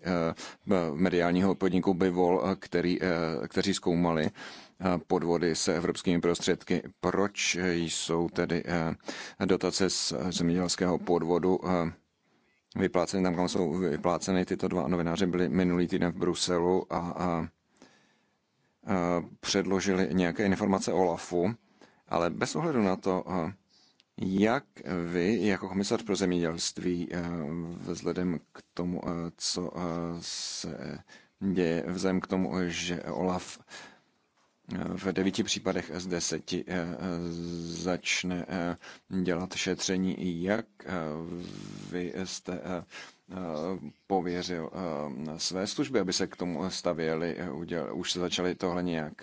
mediálního podniku Bivol, který, kteří zkoumali podvody se evropskými prostředky. Proč jsou tedy dotace z zemědělského podvodu vypláceny tam, kam jsou vypláceny. Tyto dva novináři byli minulý týden v Bruselu a, a, a předložili nějaké informace o LAFu, ale bez ohledu na to, jak vy jako komisař pro zemědělství vzhledem k tomu, co se děje, vzhledem k tomu, že Olaf v devíti případech z deseti eh, eh, začne eh, dělat šetření, jak vy jste pověřil své služby, aby se k tomu stavěli. Už se začali tohle nějak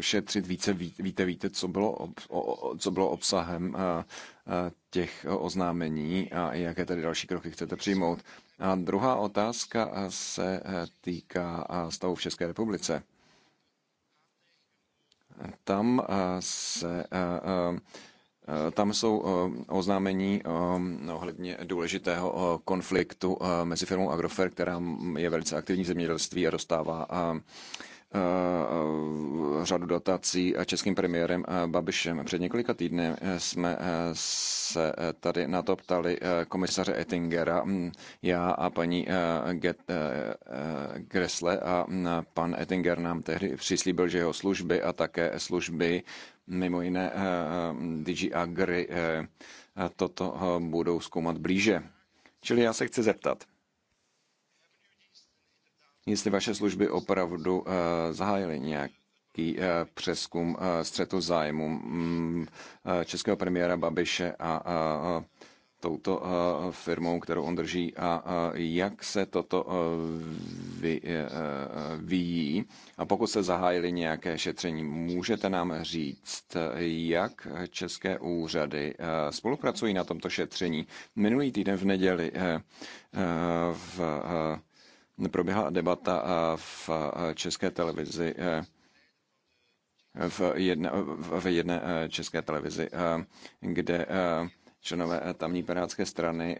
šetřit více. Víte, víte, co bylo, co bylo obsahem těch oznámení a jaké tady další kroky chcete přijmout. A druhá otázka se týká stavu v České republice. Tam eh, se eh, eh, tam jsou oznámení no, ohledně důležitého konfliktu mezi firmou Agrofer, která je velice aktivní v zemědělství a dostává řadu dotací českým premiérem eh, Babišem. Před několika týdny eh, jsme eh, se tady na to ptali komisaře Ettingera, mm, já a paní Gressle a mm, pan Ettinger nám tehdy přislíbil, že jeho služby a také služby mimo jiné DG Agri toto budou zkoumat blíže. Čili já se chci zeptat, jestli vaše služby opravdu zahájily nějak velký eh, přeskum eh, střetu zájmu mm, eh, českého premiéra Babiše a touto firmou, kterou on drží a jak se toto vyvíjí. A pokud se zahájili nějaké šetření, můžete nám říct, jak české úřady spolupracují na tomto šetření. Minulý týden v neděli v proběhla debata v české televizi v jedné, v jedné eh, české televizi, eh, kde eh, členové tamní pirátské strany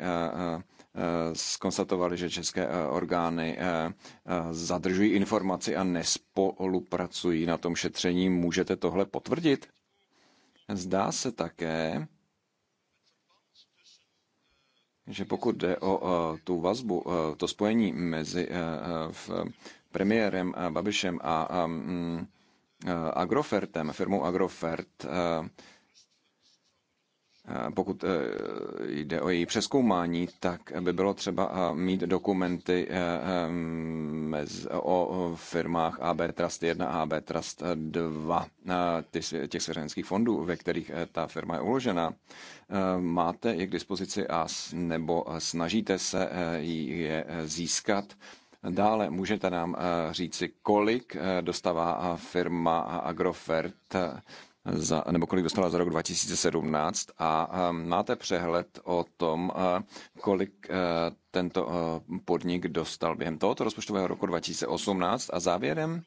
skonstatovali, že české orgány zadržují informaci a nespolupracují na tom šetření. Můžete tohle potvrdit? Zdá se také, že pokud jde o tu vazbu, to spojení mezi premiérem Babišem a mm, Eh, Agrofertem, firmou Agrofert, eh, eh, pokud jde o její přeskoumání, tak by bylo třeba mít dokumenty o firmách AB Trust 1 a AB Trust 2 těch svěřenských fondů, ve kterých ta firma je uložena. Máte je k dispozici a nebo snažíte se je získat Dále můžete nám eh, říci, kolik eh, dostává eh, firma Agrofert za, nebo kolik dostala za rok 2017 a máte přehled o tom, kolik tento podnik dostal během tohoto rozpočtového roku 2018 a závěrem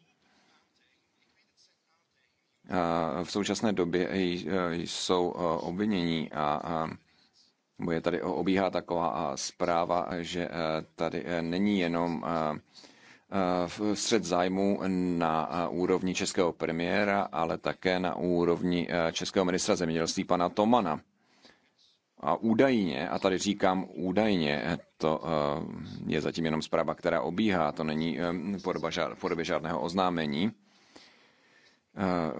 v současné době jsou obvinění a Bo tady obíhá taková zpráva, že eh, tady eh, není jenom eh, v střed zájmu na úrovni českého premiéra, ale také na úrovni českého ministra zemědělství pana Tomana. A údajně, a tady říkám údajně, to je zatím jenom zpráva, která obíhá, to není v podobě žádného oznámení, Eh,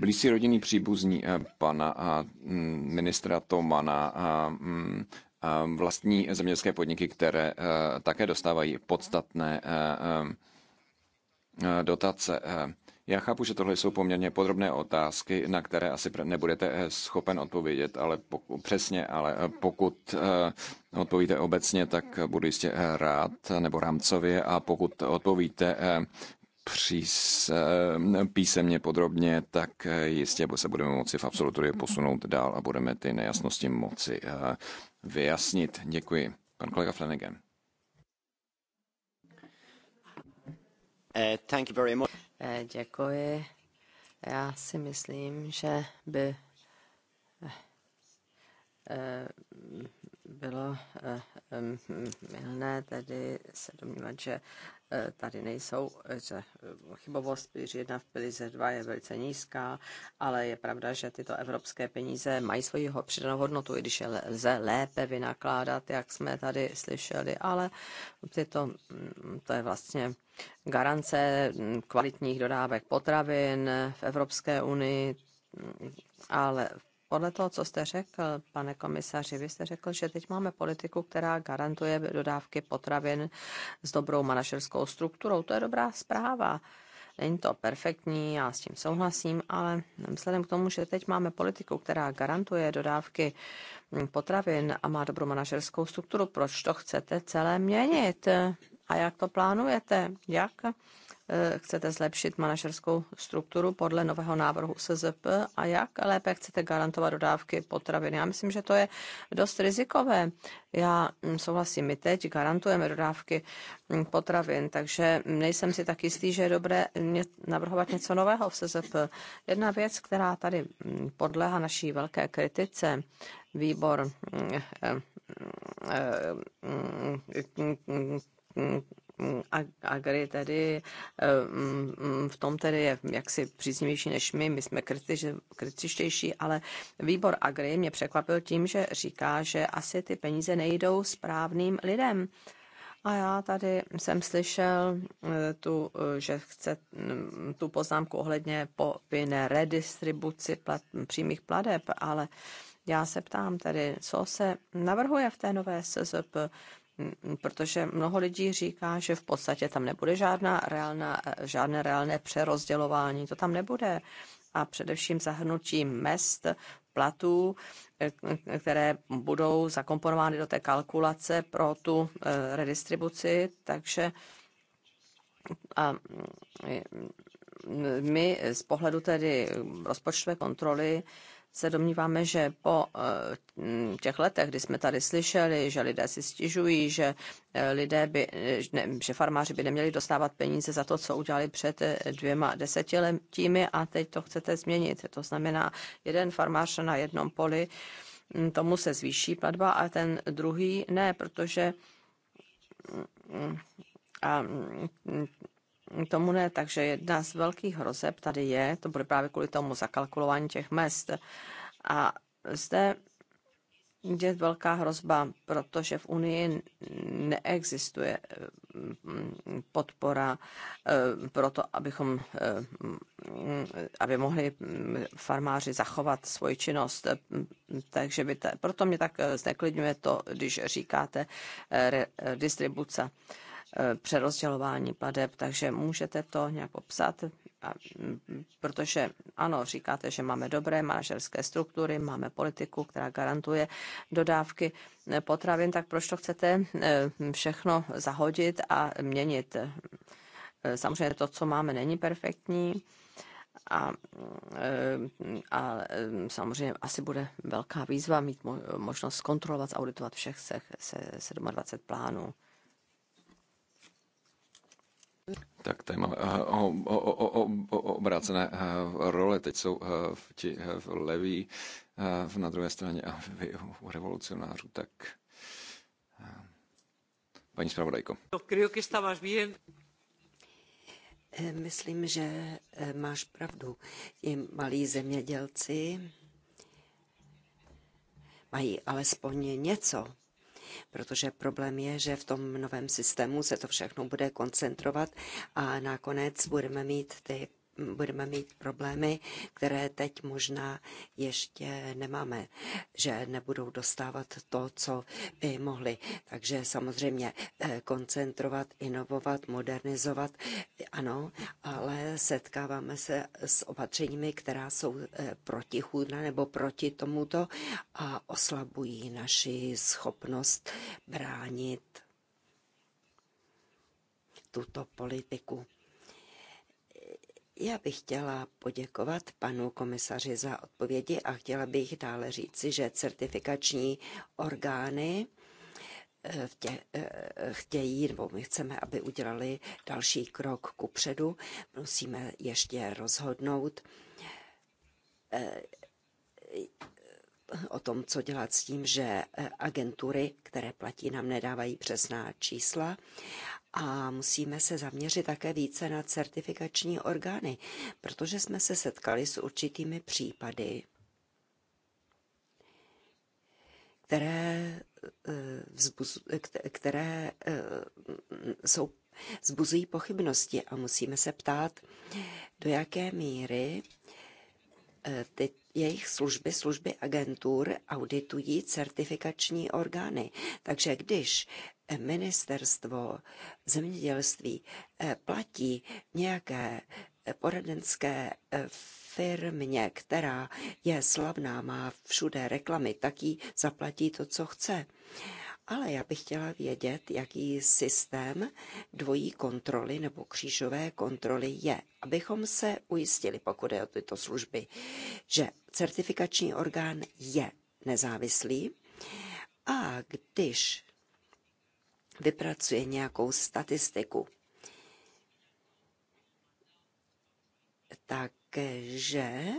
blízcí rodinný příbuzní eh, pana a mm, ministra Tomana mm, a vlastní zemědělské podniky, které eh, také dostávají podstatné dotace. Já chápu, že tohle jsou poměrně podrobné otázky, na které asi nebudete schopen odpovědět ale poku, přesně, ale pokud odpovíte obecně, tak budu jistě rád, nebo rámcově, a pokud odpovíte přís, písemně podrobně, tak jistě se budeme moci v absolutorii posunout dál a budeme ty nejasnosti moci eh, vyjasnit. Děkuji. Pan kolega Flanagan. Eh, thank you very much. Eh, děkuji. Já si myslím, že by bylo milné tedy se domnívat, že Eh, tady nejsou, eh, že eh, chybovost pilíř 1 v pilíře 2 je velice nízká, ale je pravda, že tyto evropské peníze mají svoji přidanou hodnotu, i když je lze lépe vynakládat, jak jsme tady slyšeli, ale tyto, mm, to je vlastně garance mm, kvalitních dodávek potravin v Evropské unii, mm, ale v podle toho, co jste řekl, pane komisaři, vy jste řekl, že teď máme politiku, která garantuje dodávky potravin s dobrou manažerskou strukturou. To je dobrá zpráva. Není to perfektní, já s tím souhlasím, ale vzhledem k tomu, že teď máme politiku, která garantuje dodávky potravin a má dobrou manažerskou strukturu, proč to chcete celé měnit? A jak to plánujete? Jak Eh, chcete zlepšit manažerskou strukturu podle nového návrhu SZP a jak lépe chcete garantovat dodávky potravin. Já myslím, že to je dost rizikové. Já hm, souhlasím, my teď garantujeme dodávky hm, potravin, takže nejsem si tak jistý, že je dobré navrhovat něco nového v SZP. Jedna věc, která tady hm, podléhá naší velké kritice, výbor eh, eh, Mm, Agri tedy eh, mm, mm, v tom tedy je jaksi příznivější než my, my jsme kritičtější, ale výbor Agri mě překvapil tím, že říká, že asi ty peníze nejdou správným lidem. A já tady jsem slyšel eh, tu, eh, že chce tu poznámku ohledně povinné redistribuci plat, přímých pladeb, ale já se ptám tedy, co se navrhuje v té nové SZP, Mm, protože mnoho lidí říká, že v podstatě tam nebude žádná reálná, žádné reálné přerozdělování, to tam nebude. A především zahrnutí mest, platů, eh, které budou zakomponovány do té kalkulace pro tu eh, redistribuci, takže a mm, my z pohledu tedy rozpočtové kontroly se domníváme, že po eh, Mm, těch letech, kdy jsme tady slyšeli, že lidé si stěžují, že eh, lidé by, eh, ne, že farmáři by neměli dostávat peníze za to, co udělali před eh, dvěma desetiletími a teď to chcete změnit. To znamená, jeden farmář na jednom poli, mm, tomu se zvýší platba a ten druhý ne, protože mm, a tomu ne, takže jedna z velkých hrozeb tady je, to bude právě kvůli tomu zakalkulování těch mest. A zde je velká hrozba, protože v Unii neexistuje mm, podpora eh, pro to, abychom, eh, aby mohli mm, farmáři zachovat svoji činnost. Takže by to, proto mě tak eh, zneklidňuje to, když říkáte distribuce přerozdělování padeb, takže můžete to nějak obsat Mm, protože ano, říkáte, že máme dobré manažerské struktury, máme politiku, která garantuje dodávky eh, potravin, tak proč to chcete eh, všechno zahodit a měnit? Eh, samozřejmě to, co máme, není perfektní, a, a samozřejmě asi bude velká výzva mít možnost kontrolovat, auditovat všech se, se 27 plánů. Tak tady máme o, o, o, o, obrácené role. Teď jsou ti leví na druhé straně a vy u revolucionářů, tak paní zpravodajko. Myslím, že máš pravdu. I malí zemědělci mají alespoň něco, protože problém je, že v tom novém systému se to všechno bude koncentrovat a nakonec budeme mít ty budeme mít problémy, které teď možná ještě nemáme, že nebudou dostávat to, co by mohli. Takže samozřejmě eh, koncentrovat, inovovat, modernizovat, ano, ale setkáváme se s opatřeními, která jsou eh, protichůdna nebo proti tomuto a oslabují naši schopnost bránit tuto politiku já bych chtěla poděkovat panu komisaři za odpovědi a chtěla bych dále říci, že certifikační orgány eh, v tě, eh, chtějí, nebo my chceme, aby udělali další krok ku předu. Musíme ještě rozhodnout eh, o tom, co dělat s tím, že agentury, které platí, nám nedávají přesná čísla a musíme se zaměřit také více na certifikační orgány, protože jsme se setkali s určitými případy, které, eh, vzbuz, které eh, jsou, vzbuzují pochybnosti a musíme se ptát, do jaké míry eh, ty, jejich služby, služby agentur auditují certifikační orgány. Takže když Eh, ministerstvo zemědělství eh, platí nějaké eh, poradenské firmě, která je slavná, má všude reklamy, tak jí zaplatí to, co chce. Ale já bych chtěla vědět, jaký systém dvojí kontroly nebo křížové kontroly je, abychom se ujistili, pokud je o tyto služby, že certifikační orgán je nezávislý a když vypracuje nějakou statistiku. Takže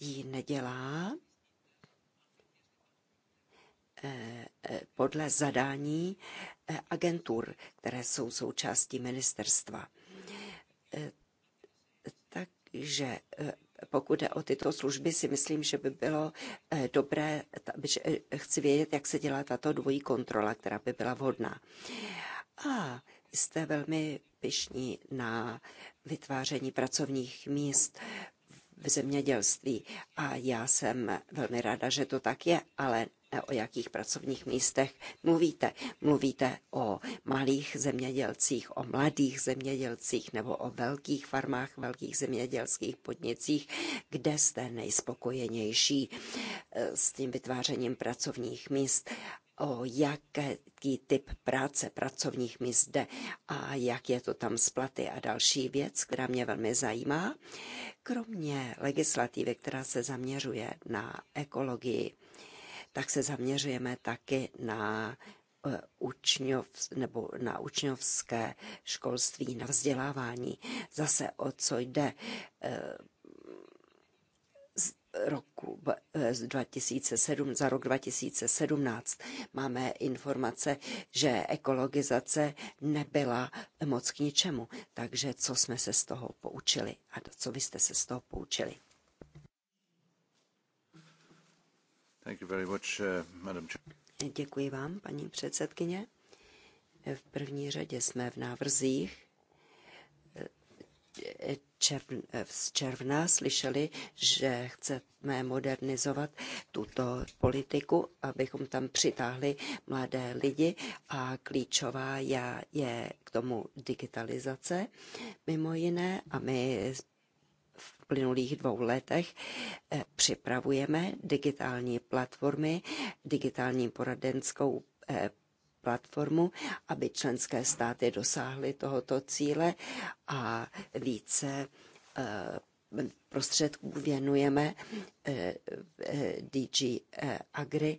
ji nedělá eh, eh, podle zadání eh, agentur, které jsou součástí ministerstva. Takže pokud jde o tyto služby, si myslím, že by bylo eh, dobré, že eh, chci vědět, jak se dělá tato dvojí kontrola, která by byla vhodná. A jste velmi pišní na vytváření pracovních míst v zemědělství. A já jsem velmi ráda, že to tak je, ale o jakých pracovních místech mluvíte. Mluvíte o malých zemědělcích, o mladých zemědělcích nebo o velkých farmách, velkých zemědělských podnicích, kde jste nejspokojenější eh, s tím vytvářením pracovních míst o jaký typ práce pracovních míst zde a jak je to tam s platy. A další věc, která mě velmi zajímá, kromě legislativy, která se zaměřuje na ekologii, tak se zaměřujeme taky na eh, učňov, nebo na učňovské školství, na vzdělávání. Zase o co jde eh, z roku eh, z 2007, za rok 2017 máme informace, že ekologizace nebyla moc k ničemu. Takže co jsme se z toho poučili a co vy jste se z toho poučili? Uh, Děkuji vám, paní předsedkyně. V první řadě jsme v návrzích eh, eh, z června slyšeli, že chceme modernizovat tuto politiku, abychom tam přitáhli mladé lidi a klíčová je, je k tomu digitalizace mimo jiné a my v plynulých dvou letech eh, připravujeme digitální platformy, digitální poradenskou eh, platformu, aby členské státy dosáhly tohoto cíle a více eh, prostředků věnujeme eh, eh, DG eh, Agri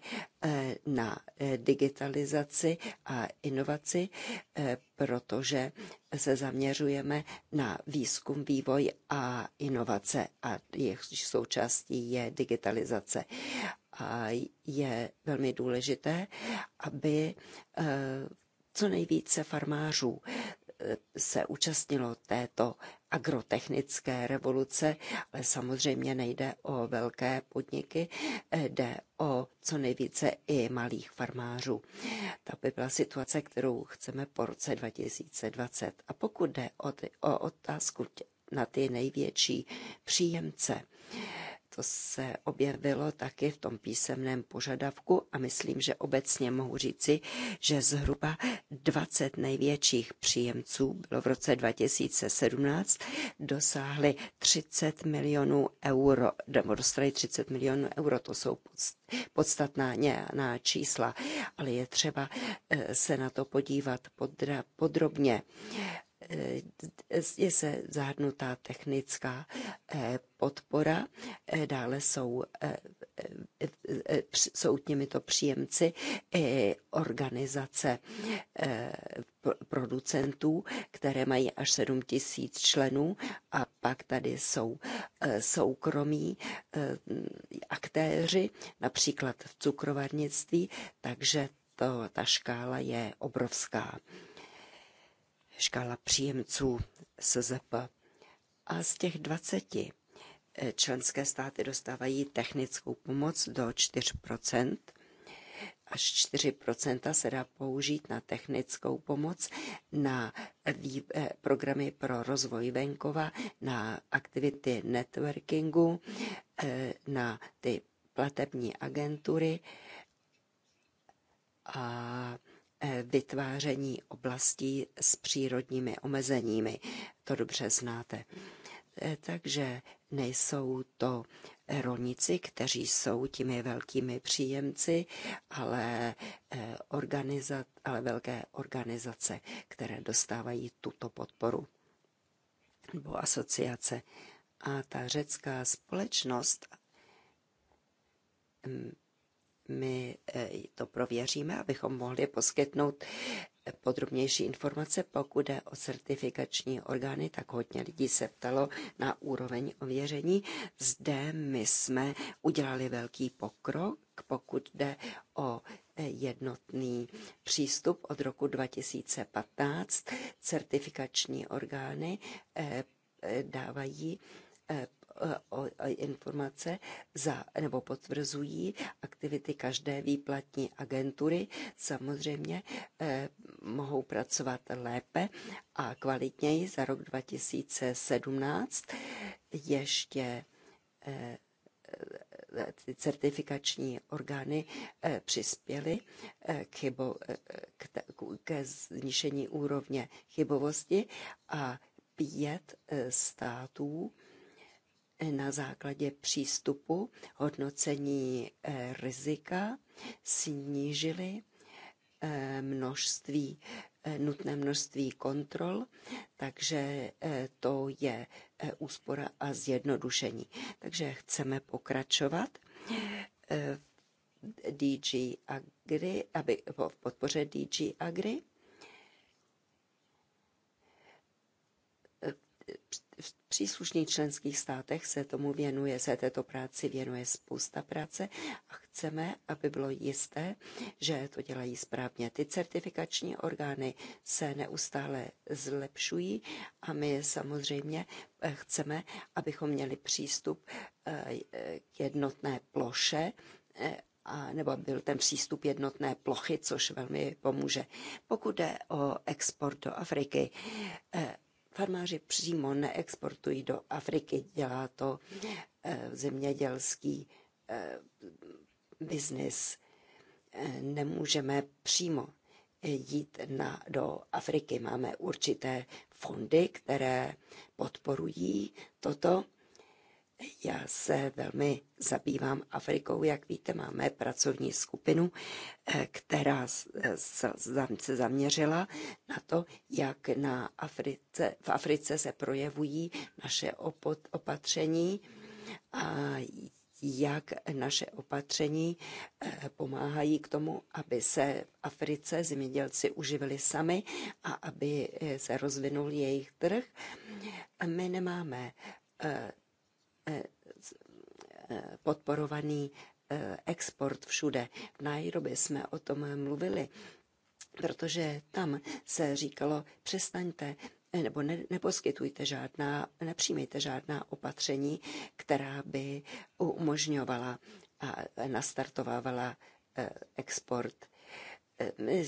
na digitalizaci a inovaci, protože se zaměřujeme na výzkum, vývoj a inovace a jejich součástí je digitalizace. A je velmi důležité, aby co nejvíce farmářů se účastnilo této agrotechnické revoluce, ale samozřejmě nejde o velké podniky, jde o co nejvíce i malých farmářů. Ta by byla situace, kterou chceme po roce 2020. A pokud jde o, ty, o otázku na ty největší příjemce, to se objevilo taky v tom písemném požadavku a myslím, že obecně mohu říci, že zhruba 20 největších příjemců bylo v roce 2017 dosáhly 30 milionů euro, nebo dostali 30 milionů euro, to jsou podstatná na čísla, ale je třeba eh, se na to podívat podrobně. Eh, je se zahrnutá technická eh, podpora, eh, dále jsou, jsou těmito příjemci organizace producentů, které mají až 7 tisíc členů a pak tady jsou soukromí aktéři, například v cukrovarnictví, takže to, ta škála je obrovská škála příjemců SZP. A z těch 20 eh, členské státy dostávají technickou pomoc do 4 až 4 se dá použít na technickou pomoc, na eh, programy pro rozvoj venkova, na aktivity networkingu, eh, na ty platební agentury a Eh, vytváření oblastí s přírodními omezeními. To dobře znáte. Eh, takže nejsou to rolníci, kteří jsou těmi velkými příjemci, ale, eh, organizat, ale velké organizace, které dostávají tuto podporu nebo asociace. A ta řecká společnost mm, my eh, to prověříme, abychom mohli poskytnout eh, podrobnější informace. Pokud jde o certifikační orgány, tak hodně lidí se ptalo na úroveň ověření. Zde my jsme udělali velký pokrok, pokud jde o eh, jednotný přístup od roku 2015. Certifikační orgány dávají informace za, nebo potvrzují aktivity každé výplatní agentury. Samozřejmě eh, mohou pracovat lépe a kvalitněji za rok 2017. Ještě eh, eh, ty certifikační orgány přispěly k, chybo, k, k znišení úrovně chybovosti a pět států na základě přístupu hodnocení eh, rizika snížili eh, množství, eh, nutné množství kontrol, takže to je úspora a zjednodušení. Takže chceme pokračovat v DG Agri, aby, v podpoře DG Agri v příslušných členských státech se tomu věnuje, se této práci věnuje spousta práce a chceme, aby bylo jisté, že to dělají správně. Ty certifikační orgány se neustále zlepšují a my samozřejmě eh, chceme, abychom měli přístup eh, k jednotné ploše eh, a, nebo byl ten přístup jednotné plochy, což velmi pomůže. Pokud jde o export do Afriky, Farmáři přímo neexportují do Afriky, dělá to eh, zemědělský eh, biznis. Eh, nemůžeme přímo jít na, do Afriky. Máme určité fondy, které podporují toto já se velmi zabývám Afrikou. Jak víte, máme pracovní skupinu, eh, která se zaměřila na to, jak na Africe, v Africe se projevují naše opatření a jak naše opatření eh, pomáhají k tomu, aby se v Africe zemědělci uživili sami a aby eh, se rozvinul jejich trh. My nemáme Eh, eh, podporovaný eh, export všude. V Nairobi jsme o tom mluvili, protože tam se říkalo, přestaňte nebo ne, neposkytujte žádná, nepřijmejte žádná opatření, která by umožňovala a nastartovávala export. My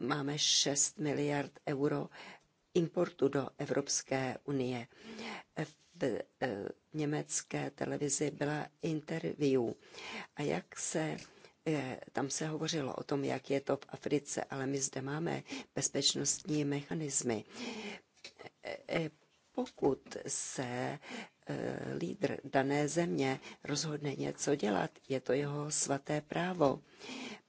máme 6 miliard euro importu do Evropské unie. V německé televizi byla interview. A jak se eh, tam se hovořilo o tom, jak je to v Africe, ale my zde máme bezpečnostní mechanismy. Eh, eh, pokud se lídr dané země rozhodne něco dělat, je to jeho svaté právo,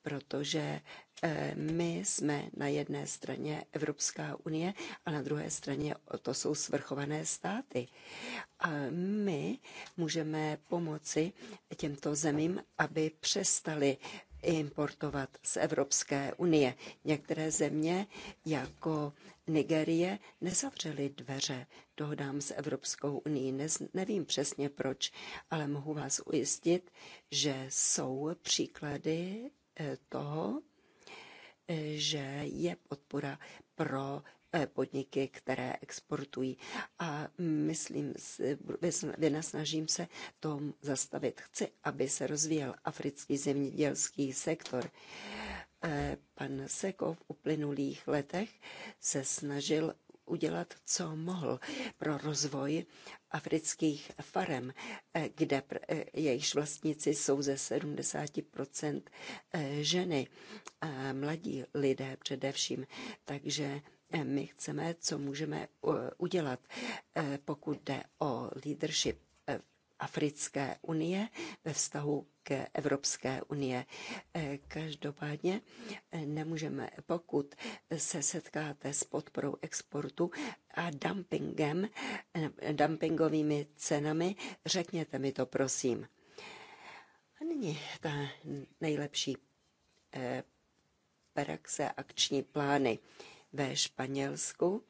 protože Eh, my jsme na jedné straně Evropská unie a na druhé straně to jsou svrchované státy. A my můžeme pomoci těmto zemím, aby přestali importovat z Evropské unie. Některé země, jako Nigerie, nezavřely dveře dohodám s Evropskou unii. Ne, nevím přesně proč, ale mohu vás ujistit, že jsou příklady eh, toho, že je podpora pro eh, podniky, které exportují. A myslím, vynasnažím se tom zastavit. Chci, aby se rozvíjel africký zemědělský sektor. Eh, pan Seko v uplynulých letech se snažil udělat, co mohl pro rozvoj afrických farem, eh, kde eh, jejich vlastníci jsou ze 70 eh, ženy, a mladí lidé především. Takže my chceme, co můžeme udělat, pokud jde o leadership Africké unie ve vztahu k Evropské unie. Eh, každopádně eh, nemůžeme, pokud se setkáte s podporou exportu a dumpingem, eh, dumpingovými cenami, řekněte mi to prosím. A nyní ta nejlepší praxe akční plány ve Španělsku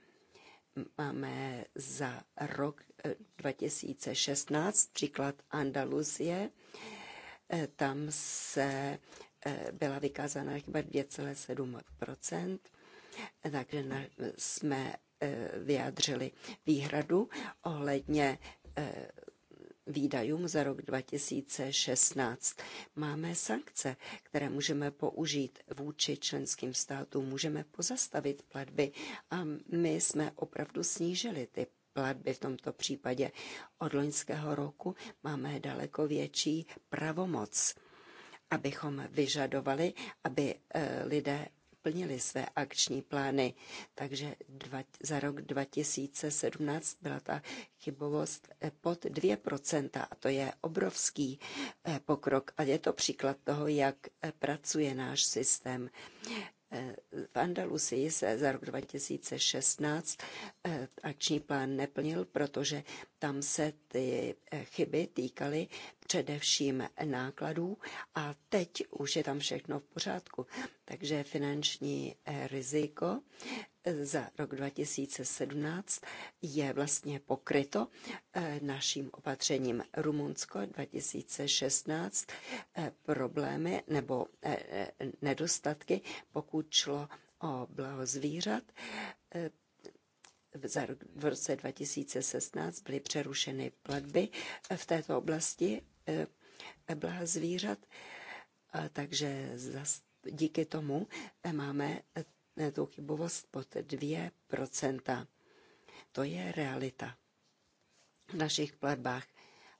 máme za rok 2016 eh, příklad Andaluzie. Eh, tam se eh, byla vykázána chyba 2,7 takže jsme vyjádřili výhradu ohledně výdajům za rok 2016. Máme sankce, které můžeme použít vůči členským státům, můžeme pozastavit platby a my jsme opravdu snížili ty platby v tomto případě. Od loňského roku máme daleko větší pravomoc abychom vyžadovali, aby eh, lidé plnili své akční plány. Takže dva, za rok 2017 byla ta chybovost eh, pod 2% a to je obrovský eh, pokrok a je to příklad toho, jak eh, pracuje náš systém. V Andalusii se za rok 2016 akční plán neplnil, protože tam se ty chyby týkaly především nákladů a teď už je tam všechno v pořádku. Takže finanční eh, riziko eh, za rok 2017 je vlastně pokryto eh, naším opatřením Rumunsko 2016 problémy nebo nedostatky, pokud šlo o blaho zvířat, v roce 2016 byly přerušeny platby v této oblasti Eh, eh, blaha zvířat. takže zas, díky tomu eh, máme tu chybovost pod 2%. To je realita v našich platbách.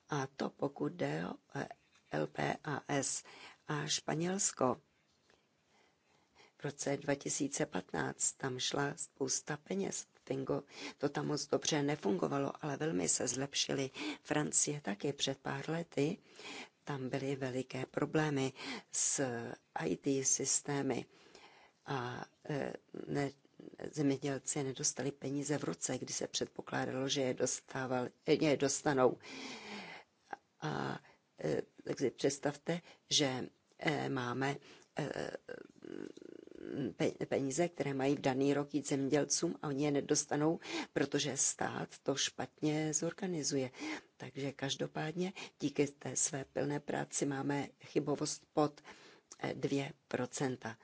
A to pokud jde o LPAS a Španělsko. V roce 2015 tam šla spousta peněz marketingu. To tam moc dobře nefungovalo, ale velmi se zlepšili. Francie taky před pár lety. Tam byly veliké problémy s IT systémy a e, ne, zemědělci nedostali peníze v roce, kdy se předpokládalo, že je, dostával, je dostanou. A e, takže představte, že e, máme peníze, které mají v daný rok jít zemědělcům a oni je nedostanou, protože stát to špatně zorganizuje. Takže každopádně díky té své pilné práci máme chybovost pod 2%.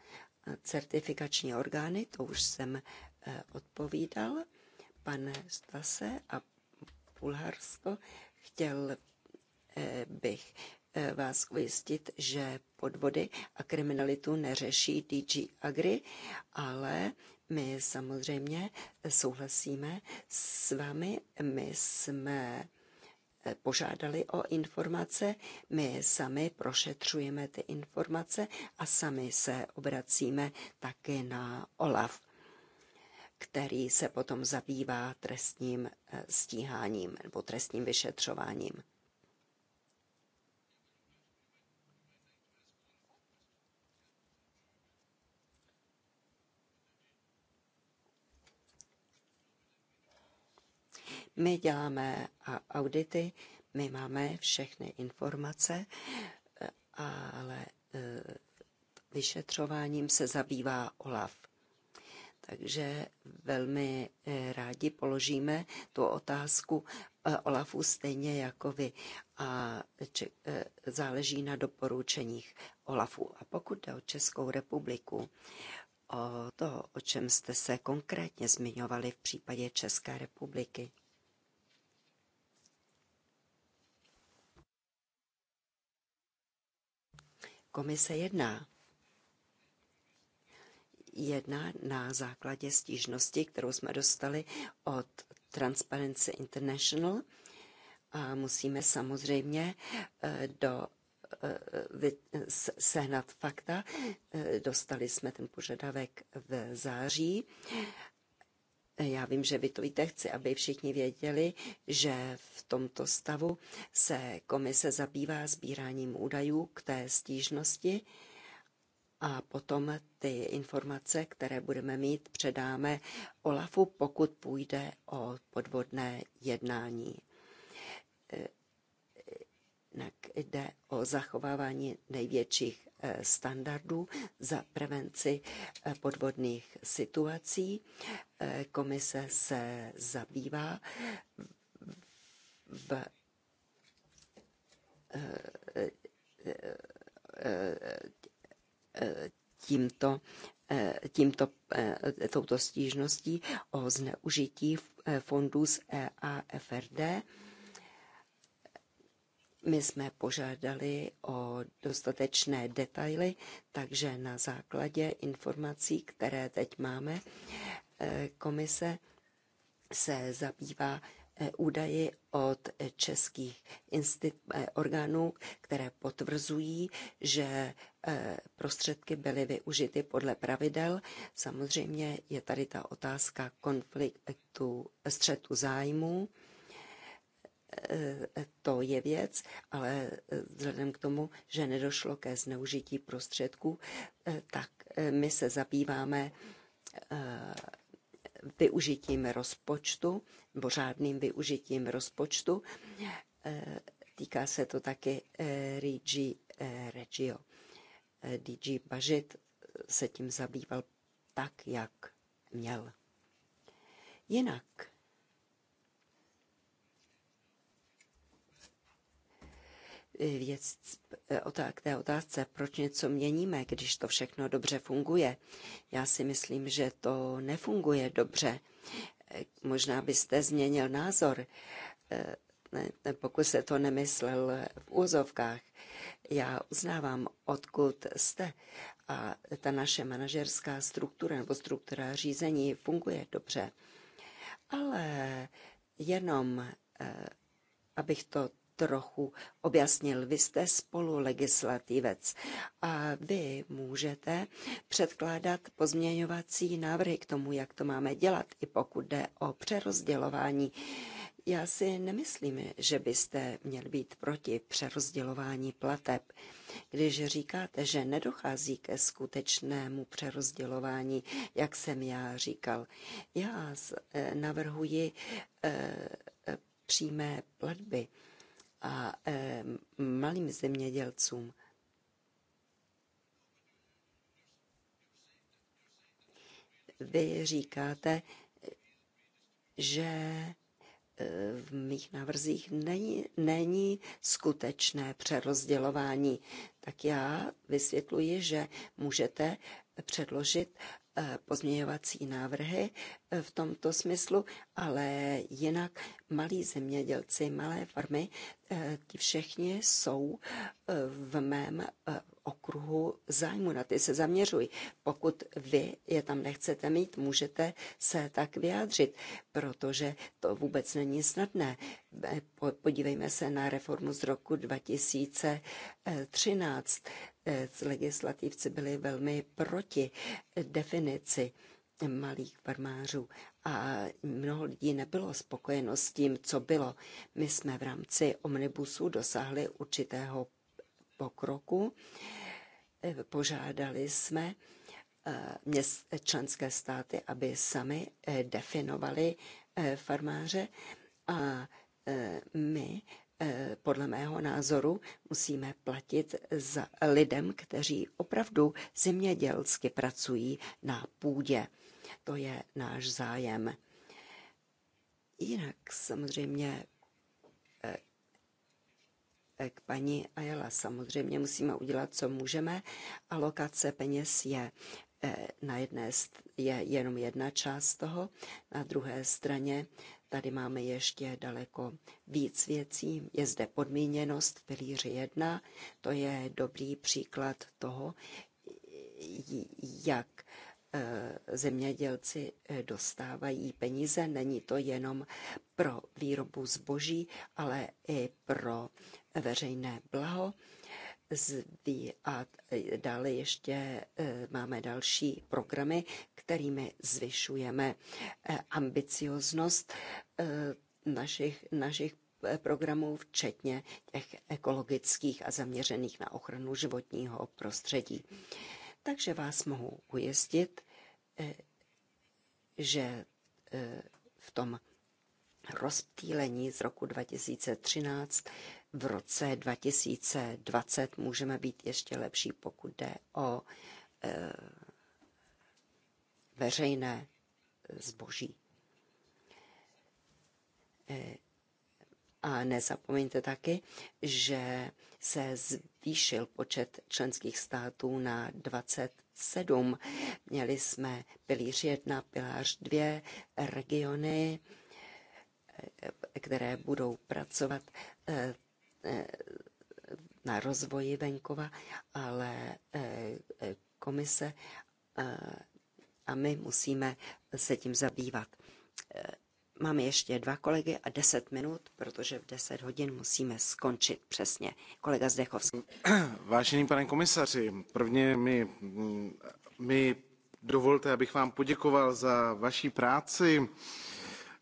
Eh, Certifikační orgány, to už jsem eh, odpovídal, pan Stase a Bulharsko, chtěl eh, bych vás ujistit, že podvody a kriminalitu neřeší DG Agri, ale my samozřejmě souhlasíme s vámi. My jsme eh, požádali o informace, my sami prošetřujeme ty informace a sami se obracíme taky na OLAF, který se potom zabývá trestním eh, stíháním nebo trestním vyšetřováním. My děláme audity, my máme všechny informace, eh, ale eh, vyšetřováním se zabývá OLAF. Takže velmi eh, rádi položíme tu otázku Olafu stejně jako vy a záleží na doporučeních Olafu. A pokud jde o Českou republiku, o to, o čem jste se konkrétně zmiňovali v případě České republiky, Komise jedná. Jedná na základě stížnosti, kterou jsme dostali od Transparency International a musíme samozřejmě eh, do eh, sehnat fakta. Eh, dostali jsme ten požadavek v září já vím, že vy to víte, chci, aby všichni věděli, že v tomto stavu se komise zabývá sbíráním údajů k té stížnosti a potom ty informace, které budeme mít, předáme Olafu, pokud půjde o podvodné jednání. Jinak jde o zachovávání největších Eh, standardů za prevenci eh, podvodných situací. Eh, komise se zabývá v tímto, tímto, touto stížností o zneužití fondů z EAFRD my jsme požádali o dostatečné detaily, takže na základě informací, které teď máme, eh, komise se zabývá eh, údaji od českých eh, orgánů, které potvrzují, že prostředky byly využity podle pravidel. Samozřejmě je tady ta otázka konfliktu střetu zájmů Eh, to je věc, ale eh, vzhledem k tomu, že nedošlo ke zneužití prostředků, eh, tak my se zabýváme využitím rozpočtu, nebo řádným využitím rozpočtu. Týká se to taky RG Regio. DG Bažit se tím zabýval tak, jak měl. Jinak věc, eh, k té otázce, proč něco měníme, když to všechno dobře funguje. Já si myslím, že to nefunguje dobře. Eh, možná byste změnil názor, eh, pokud se to nemyslel v úzovkách. Já uznávám, odkud jste a ta naše manažerská struktura nebo struktura řízení funguje dobře. Ale jenom, abych to trochu objasnil. Vy jste legislativec a vy můžete předkládat pozměňovací návrhy k tomu, jak to máme dělat, i pokud jde o přerozdělování. Já si nemyslím, že byste měl být proti přerozdělování plateb. Když říkáte, že nedochází ke skutečnému přerozdělování, jak jsem já říkal, já eh, navrhuji eh, eh, přímé platby a e, malým zemědělcům. Vy říkáte, že e, v mých návrzích není, není skutečné přerozdělování. Tak já vysvětluji, že můžete předložit Eh, pozměňovací návrhy eh, v tomto smyslu, ale jinak malí zemědělci, malé farmy, eh, ti všichni jsou v mém okruhu zájmu, na ty se zaměřuji. Pokud vy je tam nechcete mít, můžete se tak vyjádřit, protože to vůbec není snadné. Podívejme se na reformu z roku 2013. Eh, legislativci byli velmi proti definici malých farmářů a mnoho lidí nebylo spokojeno s tím, co bylo. My jsme v rámci omnibusu dosáhli určitého pokroku. Eh, požádali jsme eh, členské státy, aby sami definovali farmáře a my Eh, podle mého názoru musíme platit za lidem, kteří opravdu zemědělsky pracují na půdě. To je náš zájem. Jinak samozřejmě eh, eh, k paní Ajela. Samozřejmě musíme udělat, co můžeme. Alokace peněz je na jedné je jenom jedna část toho, na druhé straně Tady máme ještě daleko víc věcí. Je zde podmíněnost v pilíři 1. To je dobrý příklad toho, jak eh, zemědělci eh, dostávají peníze. Není to jenom pro výrobu zboží, ale i pro veřejné blaho. Zdy a e, dále ještě e, máme další programy, kterými zvyšujeme e, ambicioznost našich, našich programů, včetně těch ekologických a zaměřených na ochranu životního prostředí. Takže vás mohu ujistit, že v tom rozptýlení z roku 2013 v roce 2020 můžeme být ještě lepší, pokud jde o e, veřejné zboží. E, a nezapomeňte taky, že se zvýšil počet členských států na 27. Měli jsme pilíř 1, pilář 2, regiony, eh, které budou pracovat Eh, na rozvoji venkova, ale eh, eh, komise a my musíme se tím zabývat. Máme ještě dva kolegy a deset minut, protože v deset hodin musíme skončit přesně. Kolega Zdechovský. Vážený pane komisaři, prvně mi, mi dovolte, abych vám poděkoval za vaší práci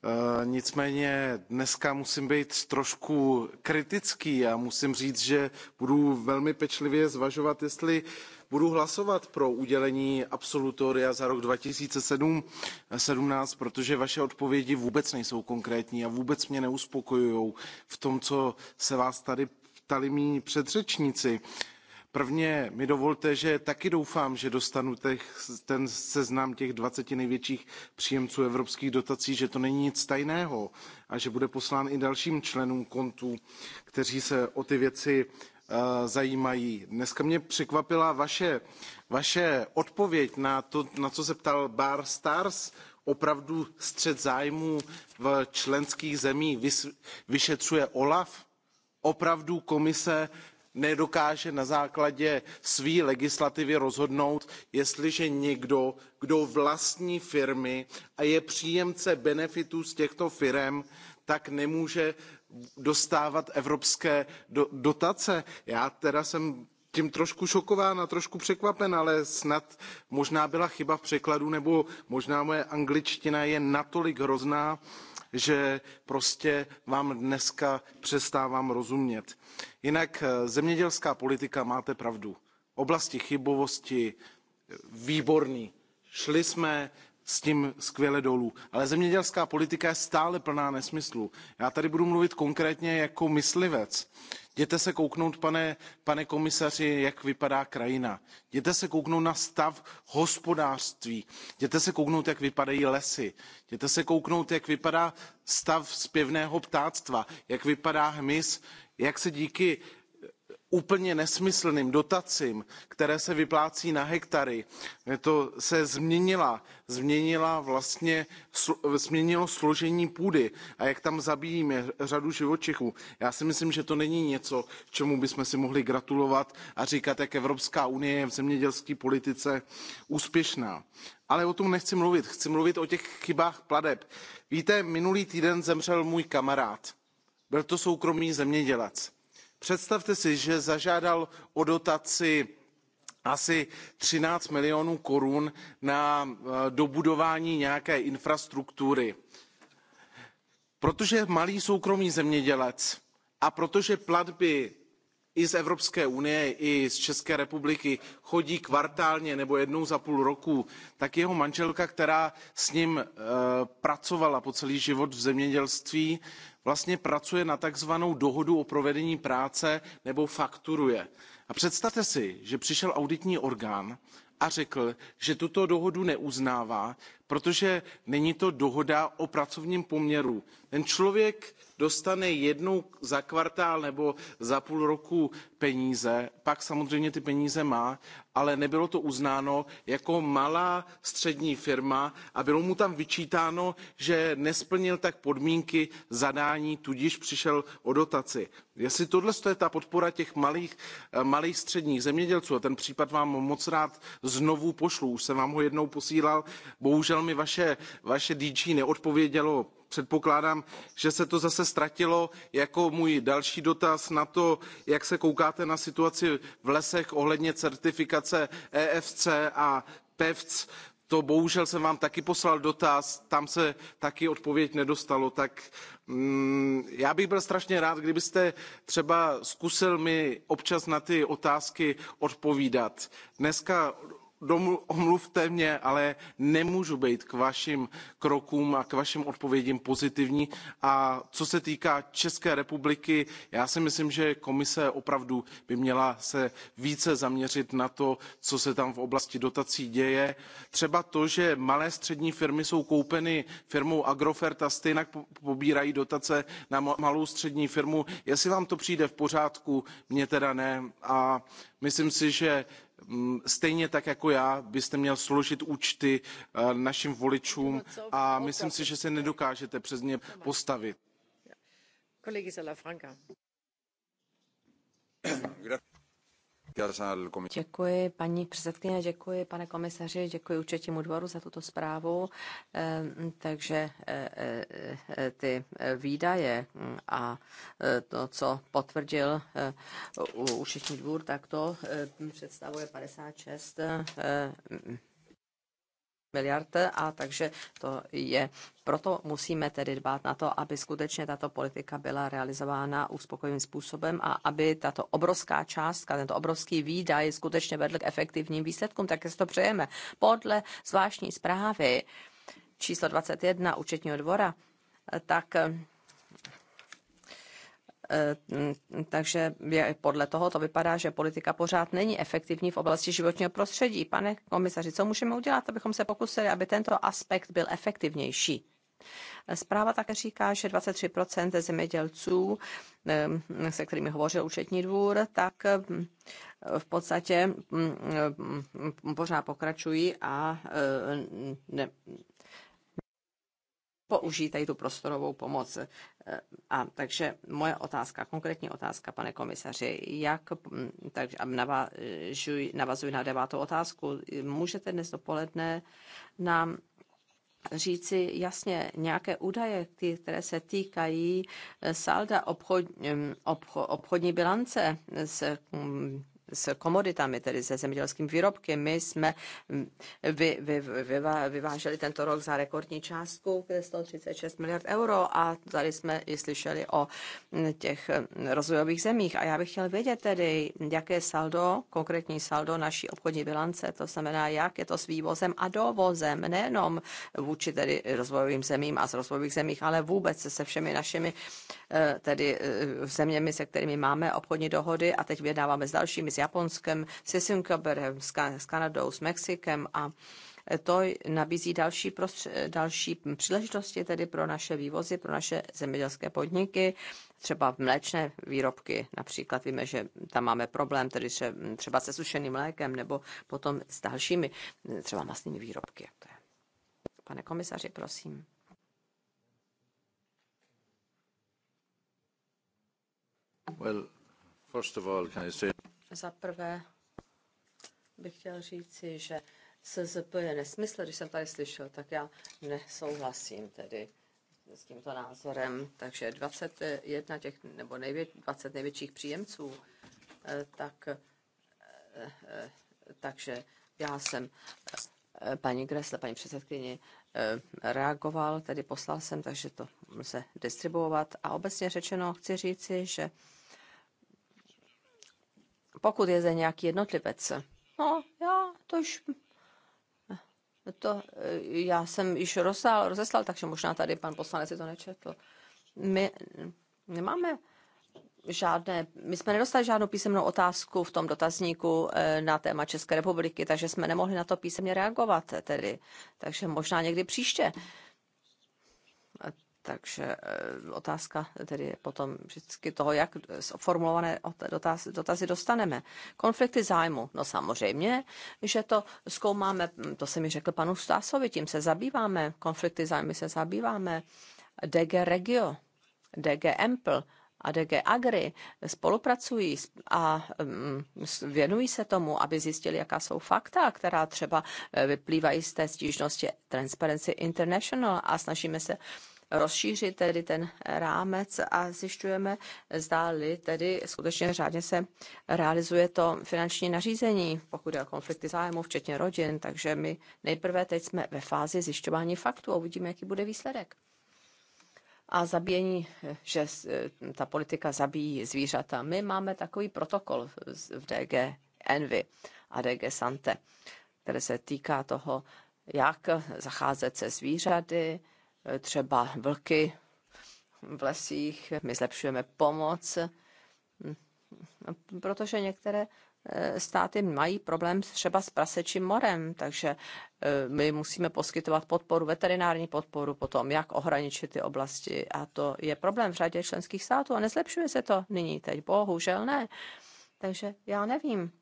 Eh, nicméně dneska musím být trošku kritický a musím říct, že budu velmi pečlivě zvažovat, jestli budu hlasovat pro udělení absolutoria za rok 2017, protože vaše odpovědi vůbec nejsou konkrétní a vůbec mě neuspokojují v tom, co se vás tady ptali mí předřečníci. Prvně mi dovolte, že taky doufám, že dostanu těch, ten seznam těch 20 největších příjemců evropských dotací, že to není nic tajného a že bude poslán i dalším členům kontů, kteří se o ty věci eh, zajímají. Dneska mě překvapila vaše, vaše odpověď na to, na co se ptal Bar Stars, opravdu střed zájmů v členských zemích vyšetřuje OLAF? Opravdu komise nedokáže na základě své legislativy rozhodnout jestliže někdo kdo vlastní firmy a je příjemce benefitů z těchto firem tak nemůže dostávat evropské do, dotace. já teda jsem tím trošku šokován a trošku překvapen, ale snad možná byla chyba v překladu, nebo možná moje angličtina je natolik hrozná, že prostě vám dneska přestávám rozumět. Jinak eh, zemědělská politika, máte pravdu. Oblasti chybovosti, eh, výborný. Šli jsme s tím skvěle dolů. Ale zemědělská politika je stále plná nesmyslů. Já tady budu mluvit konkrétně jako myslivec. Jděte se kouknout, pane, pane komisaři, jak vypadá krajina. Jděte se kouknout na stav hospodářství. Jděte se kouknout, jak vypadají lesy. Jděte se kouknout, jak vypadá stav zpěvného ptáctva, jak vypadá hmyz, jak se díky úplně nesmyslným dotacím které se vyplácí na hektary eh, to se změnila, změnila vlastně, změnilo složení půdy a jak tam zabíjíme řadu živočichů. já si myslím že to není něco k čemu bychom si mohli gratulovat a říkat jak evropská unie je v zemědělské politice úspěšná. ale o tom nechci mluvit chci mluvit o těch chybách plateb. víte minulý týden zemřel můj kamarád byl to soukromý zemědělec představte si že zažádal o dotaci asi thirteen milionů korun na eh, dobudování nějaké infrastruktury. protože je malý soukromý zemědělec a protože platby i z Evropské unie, i z České republiky chodí kvartálně nebo jednou za půl roku, tak jeho manželka, která s ním e, pracovala po celý život v zemědělství, vlastně pracuje na takzvanou dohodu o provedení práce nebo fakturuje. A představte si, že přišel auditní orgán a řekl, že tuto dohodu neuznává, protože není to dohoda o pracovním poměru. Ten člověk dostane jednou za kvartál nebo za půl roku peníze, pak samozřejmě ty peníze má, ale nebylo to uznáno jako malá střední firma a bylo mu tam vyčítáno, že nesplnil tak podmínky zadání, tudíž přišel o dotaci. Jestli tohle je ta podpora těch malých, eh, malých středních zemědělců, a ten případ vám moc rád znovu pošlu, už jsem vám ho jednou posílal, bohužel mi vaše, vaše DG neodpovědělo předpokládám, že se to zase ztratilo jako můj další dotaz na to, jak se kouká? díváte na situaci v lesech ohledně certifikace efc a pevc to bohužel jsem vám taky poslal dotaz tam se taky odpověď nedostalo tak mm, já bych byl strašně rád kdybyste třeba zkusil mi občas na ty otázky odpovídat. dneska domů, omluvte mě, ale nemůžu být k vašim krokům a k vašim odpovědím pozitivní. A co se týká České republiky, já si myslím, že komise opravdu by měla se více zaměřit na to, co se tam v oblasti dotací děje. Třeba to, že malé střední firmy jsou koupeny firmou Agrofert a stejně pobírají dotace na malou střední firmu. Jestli vám to přijde v pořádku, mně teda ne. A myslím si, že Mm, stejně tak jako já byste měl složit účty eh, našim voličům a myslím si, že se nedokážete přes ně postavit. Kolegy Salafranca. Děkuji paní předsedkyně, děkuji pane komisaři, děkuji účetnímu dvoru za tuto zprávu. Ehm, takže e, e, e, ty výdaje a to, co potvrdil účetní dvůr, tak to představuje 56 miliard a takže to je, proto musíme tedy dbát na to, aby skutečně tato politika byla realizována uspokojivým způsobem a aby tato obrovská částka, tento obrovský výdaj skutečně vedl k efektivním výsledkům, tak si to přejeme. Podle zvláštní zprávy číslo 21 účetního dvora, tak Eh, takže podle toho to vypadá, že politika pořád není efektivní v oblasti životního prostředí. Pane komisaři, co můžeme udělat, abychom se pokusili, aby tento aspekt byl efektivnější? Eh, zpráva také říká, že 23 zemědělců, eh, se kterými hovořil účetní dvůr, tak v podstatě mm, mm, pořád pokračují a použijí tady tu prostorovou pomoc. Eh, a takže moje otázka, konkrétní otázka, pane komisaři, jak, hm, takže navazuji, navazuji na devátou otázku, můžete dnes dopoledne nám říci jasně nějaké údaje, které se týkají eh, salda obchod, hm, obchodní bilance s hm, s komoditami, tedy se zemědělským výrobky. My jsme mm, vy, vy, vy, vyváželi tento rok za rekordní částku 136 miliard euro a tady jsme i slyšeli o mm, těch mm, rozvojových zemích. A já bych chtěl vědět tedy, jaké saldo, konkrétní saldo naší obchodní bilance, to znamená, jak je to s vývozem a dovozem, nejenom vůči tedy rozvojovým zemím a z rozvojových zemích, ale vůbec se všemi našimi Eh, tedy eh, zeměmi, se kterými máme obchodní dohody a teď vyjednáváme s dalšími, s Japonskem, se Singaporem, s Kanadou, s Mexikem a to nabízí další, další příležitosti tedy pro naše vývozy, pro naše zemědělské podniky, třeba v mléčné výrobky. Například víme, že tam máme problém tedy třeba se sušeným mlékem nebo potom s dalšími třeba masnými výrobky. Pane komisaři, prosím. Za prvé bych chtěl říci, že SZP je nesmysl, když jsem tady slyšel, tak já nesouhlasím tedy s tímto názorem. Takže 21 těch, nebo nejvě, 20 největších příjemců, eh, tak, eh, eh, takže já jsem paní Gresle, paní předsedkyni, reagoval, tedy poslal jsem, takže to se distribuovat. A obecně řečeno chci říci, že pokud je zde nějaký jednotlivec. No, já to už... To, eh, já jsem již rozsál, rozeslal, takže možná tady pan poslanec si to nečetl. My nemáme žádné, my jsme nedostali žádnou písemnou otázku v tom dotazníku eh, na téma České republiky, takže jsme nemohli na to písemně reagovat tedy. Takže možná někdy příště takže eh, otázka tedy je potom vždycky toho, jak formulované dotaz, dotazy dostaneme. Konflikty zájmu. No samozřejmě, že to zkoumáme, hm, to se mi řekl panu Stásovi, tím se zabýváme, konflikty zájmy se zabýváme. DG Regio, DG Empl a DG Agri spolupracují a hm, věnují se tomu, aby zjistili, jaká jsou fakta, která třeba eh, vyplývají z té stížnosti Transparency International a snažíme se rozšířit tedy ten rámec a zjišťujeme, zdáli tedy skutečně řádně se realizuje to finanční nařízení, pokud je o konflikty zájmu, včetně rodin, takže my nejprve teď jsme ve fázi zjišťování faktů a uvidíme, jaký bude výsledek a zabíjení, že eh, ta politika zabíjí zvířata. My máme takový protokol v DG Envy a DG Sante, který se týká toho, jak zacházet se zvířaty, třeba vlky v lesích, my zlepšujeme pomoc, protože některé eh, státy mají problém třeba s prasečím morem, takže eh, my musíme poskytovat podporu, veterinární podporu potom, jak ohraničit ty oblasti a to je problém v řadě členských států a nezlepšuje se to nyní teď, bohužel ne. Takže já nevím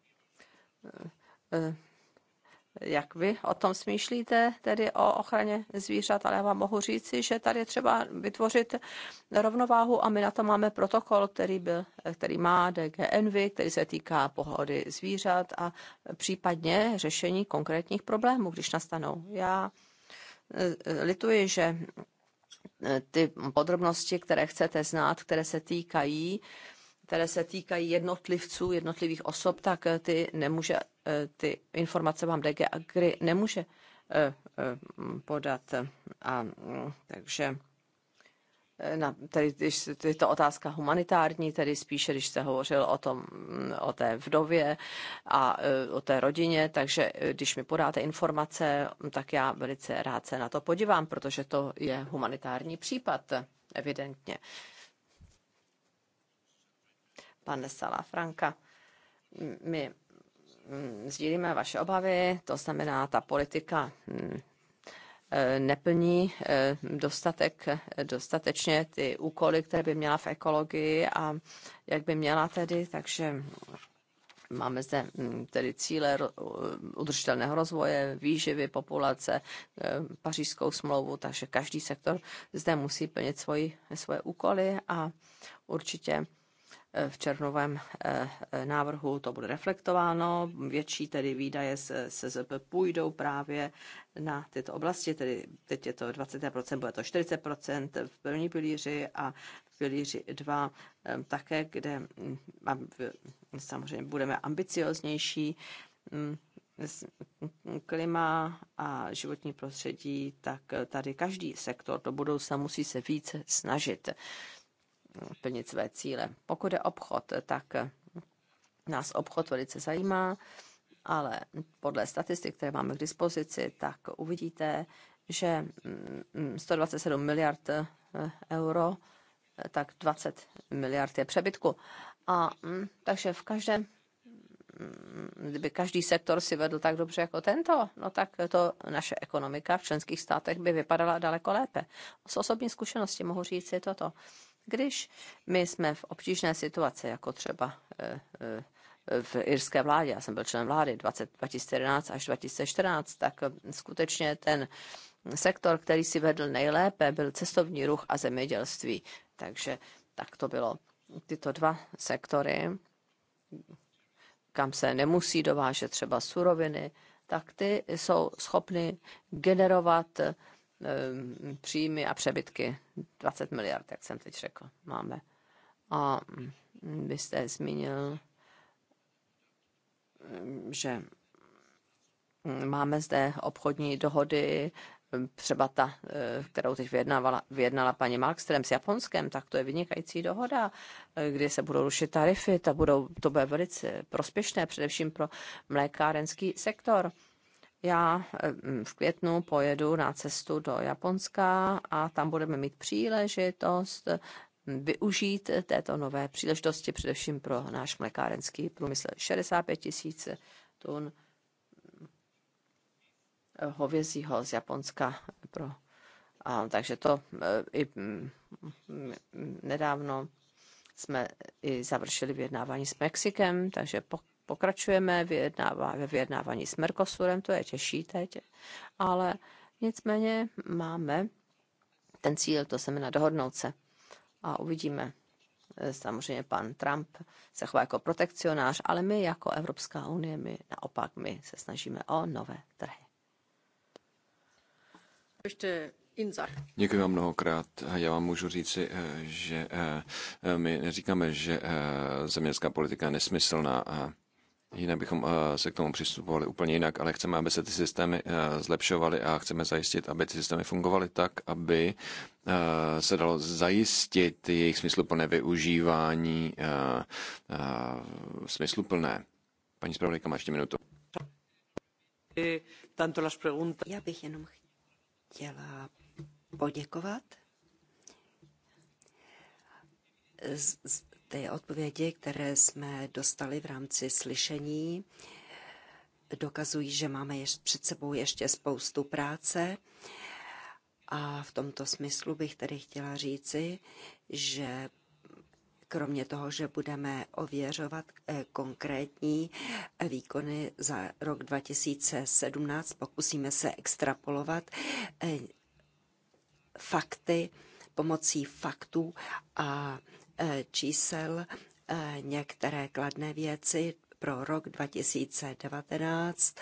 eh, jak vy o tom smýšlíte, tedy o ochraně zvířat, ale já vám mohu říci, že tady je třeba vytvořit rovnováhu a my na to máme protokol, který, byl, který má DGNV, který se týká pohody zvířat a případně řešení konkrétních problémů, když nastanou. Já e, e, lituji, že e, ty podrobnosti, které chcete znát, které se týkají které se týkají jednotlivců, jednotlivých osob, tak ty nemůže Eh, ty informace vám DG Agri nemůže eh, eh, podat. A, mm, takže na, tedy, když, je to otázka humanitární, tedy spíše, když se hovořil o, tom, mm, o té vdově a o té rodině, takže když mi podáte informace, mm, tak já velice rád se na to podívám, protože to je humanitární případ, evidentně. Pane Sala Franka, my Mm, sdílíme vaše obavy, to znamená, ta politika mm, e, neplní e, dostatek, dostatečně ty úkoly, které by měla v ekologii a jak by měla tedy, takže máme zde mm, tedy cíle udržitelného rozvoje, výživy populace, e, pařížskou smlouvu, takže každý sektor zde musí plnit svoji, svoje úkoly a určitě v červnovém eh, eh, návrhu to bude reflektováno. Větší tedy výdaje se SZP půjdou právě na tyto oblasti, tedy teď je to 20%, bude to 40% v první pilíři a v pilíři 2 eh, také, kde hm, samozřejmě budeme ambicioznější hm, hm, klima a životní prostředí, tak tady každý sektor do budoucna musí se více snažit plnit své cíle. Pokud je obchod, tak nás obchod velice zajímá, ale podle statistik, které máme k dispozici, tak uvidíte, že 127 mm, mm, miliard eh, euro, eh, tak 20 miliard je přebytku. A mm, takže v každém kdyby každý sektor si vedl tak dobře jako tento, no tak to naše ekonomika v členských státech by vypadala daleko lépe. Z osobní zkušenosti mohu říct si toto. Když my jsme v obtížné situaci, jako třeba eh, eh, v irské vládě, já jsem byl člen vlády 20, 2011 až 2014, tak eh, skutečně ten sektor, který si vedl nejlépe, byl cestovní ruch a zemědělství. Takže tak to bylo tyto dva sektory, kam se nemusí dovážet třeba suroviny, tak ty jsou schopny generovat Ehm, příjmy a přebytky. 20 miliard, jak jsem teď řekl, máme. A mm, vy jste zmínil, mm, že mm, máme zde obchodní dohody, třeba ta, eh, kterou teď vyjednala, vyjednala paní Markström s Japonskem, tak to je vynikající dohoda, eh, kdy se budou rušit tarify, ta budou, to bude velice prospěšné, především pro mlékárenský sektor. Já eh, mm, v květnu pojedu na cestu do Japonska a tam budeme mít příležitost eh, využít této nové příležitosti především pro náš mlékárenský průmysl. 65 tisíc tun eh, hovězího z Japonska pro a, takže to i mm, nedávno jsme i završili vyjednávání s Mexikem, takže pokračujeme ve vyjednávání s Mercosurem, to je těžší teď, ale nicméně máme ten cíl, to na dohodnout se. A uvidíme. Samozřejmě pan Trump se chová jako protekcionář, ale my jako Evropská unie, my naopak, my se snažíme o nové trhy. Ještě Děkuji vám mnohokrát. Já vám můžu říci, eh, že eh, eh, my neříkáme, že zemědělská politika je nesmyslná. Jinak bychom eh, se k tomu přistupovali úplně jinak, ale chceme, aby se ty systémy eh, zlepšovaly a chceme zajistit, aby ty systémy fungovaly tak, aby eh, se dalo zajistit jejich smysluplné využívání smysluplné. Paní zpravodajka, máš ještě minutu. Já bych jenom chtěla poděkovat ty odpovědi, které jsme dostali v rámci slyšení, dokazují, že máme před sebou ještě spoustu práce. A v tomto smyslu bych tedy chtěla říci, že kromě toho, že budeme ověřovat eh, konkrétní eh, výkony za rok 2017, pokusíme se extrapolovat eh, fakty pomocí faktů a Eh, čísel, eh, některé kladné věci pro rok 2019,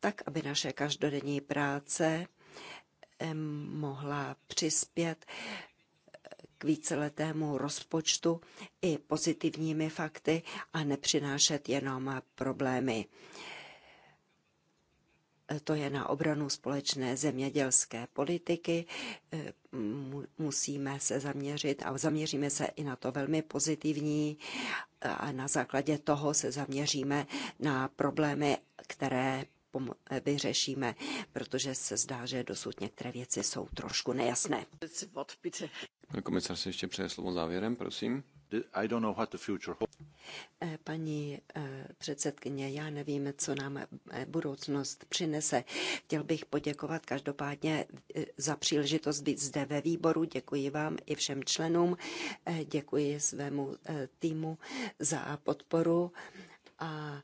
tak aby naše každodenní práce eh, mohla přispět k víceletému rozpočtu i pozitivními fakty a nepřinášet jenom problémy to je na obranu společné zemědělské politiky. E, musíme se zaměřit a zaměříme se i na to velmi pozitivní a na základě toho se zaměříme na problémy, které vyřešíme, protože se zdá, že dosud některé věci jsou trošku nejasné. Komisar komisař si ještě přeje slovo závěrem, prosím. Eh, paní eh, předsedkyně, já nevím, co nám eh, budoucnost přinese. Chtěl bych poděkovat každopádně za příležitost být zde ve výboru. Děkuji vám i všem členům, děkuji svému týmu za podporu a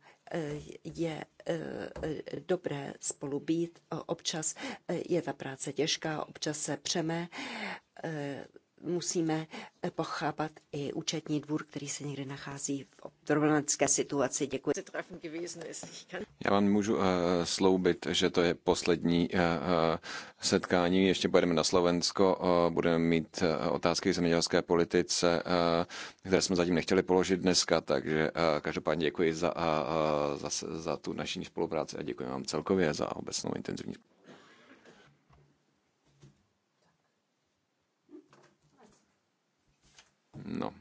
je dobré spolu být. Občas je ta práce těžká, občas se přeme musíme eh, pochápat i účetní dvůr, který se někde nachází v problematické situaci. Děkuji. Já vám můžu uh, sloubit, že to je poslední uh, setkání. Ještě pojedeme na Slovensko, uh, budeme mít uh, otázky v zemědělské politice, uh, které jsme zatím nechtěli položit dneska, takže uh, každopádně děkuji za, uh, za, za tu naši spolupráci a děkuji vám celkově za obecnou intenzivní spolupráci. No,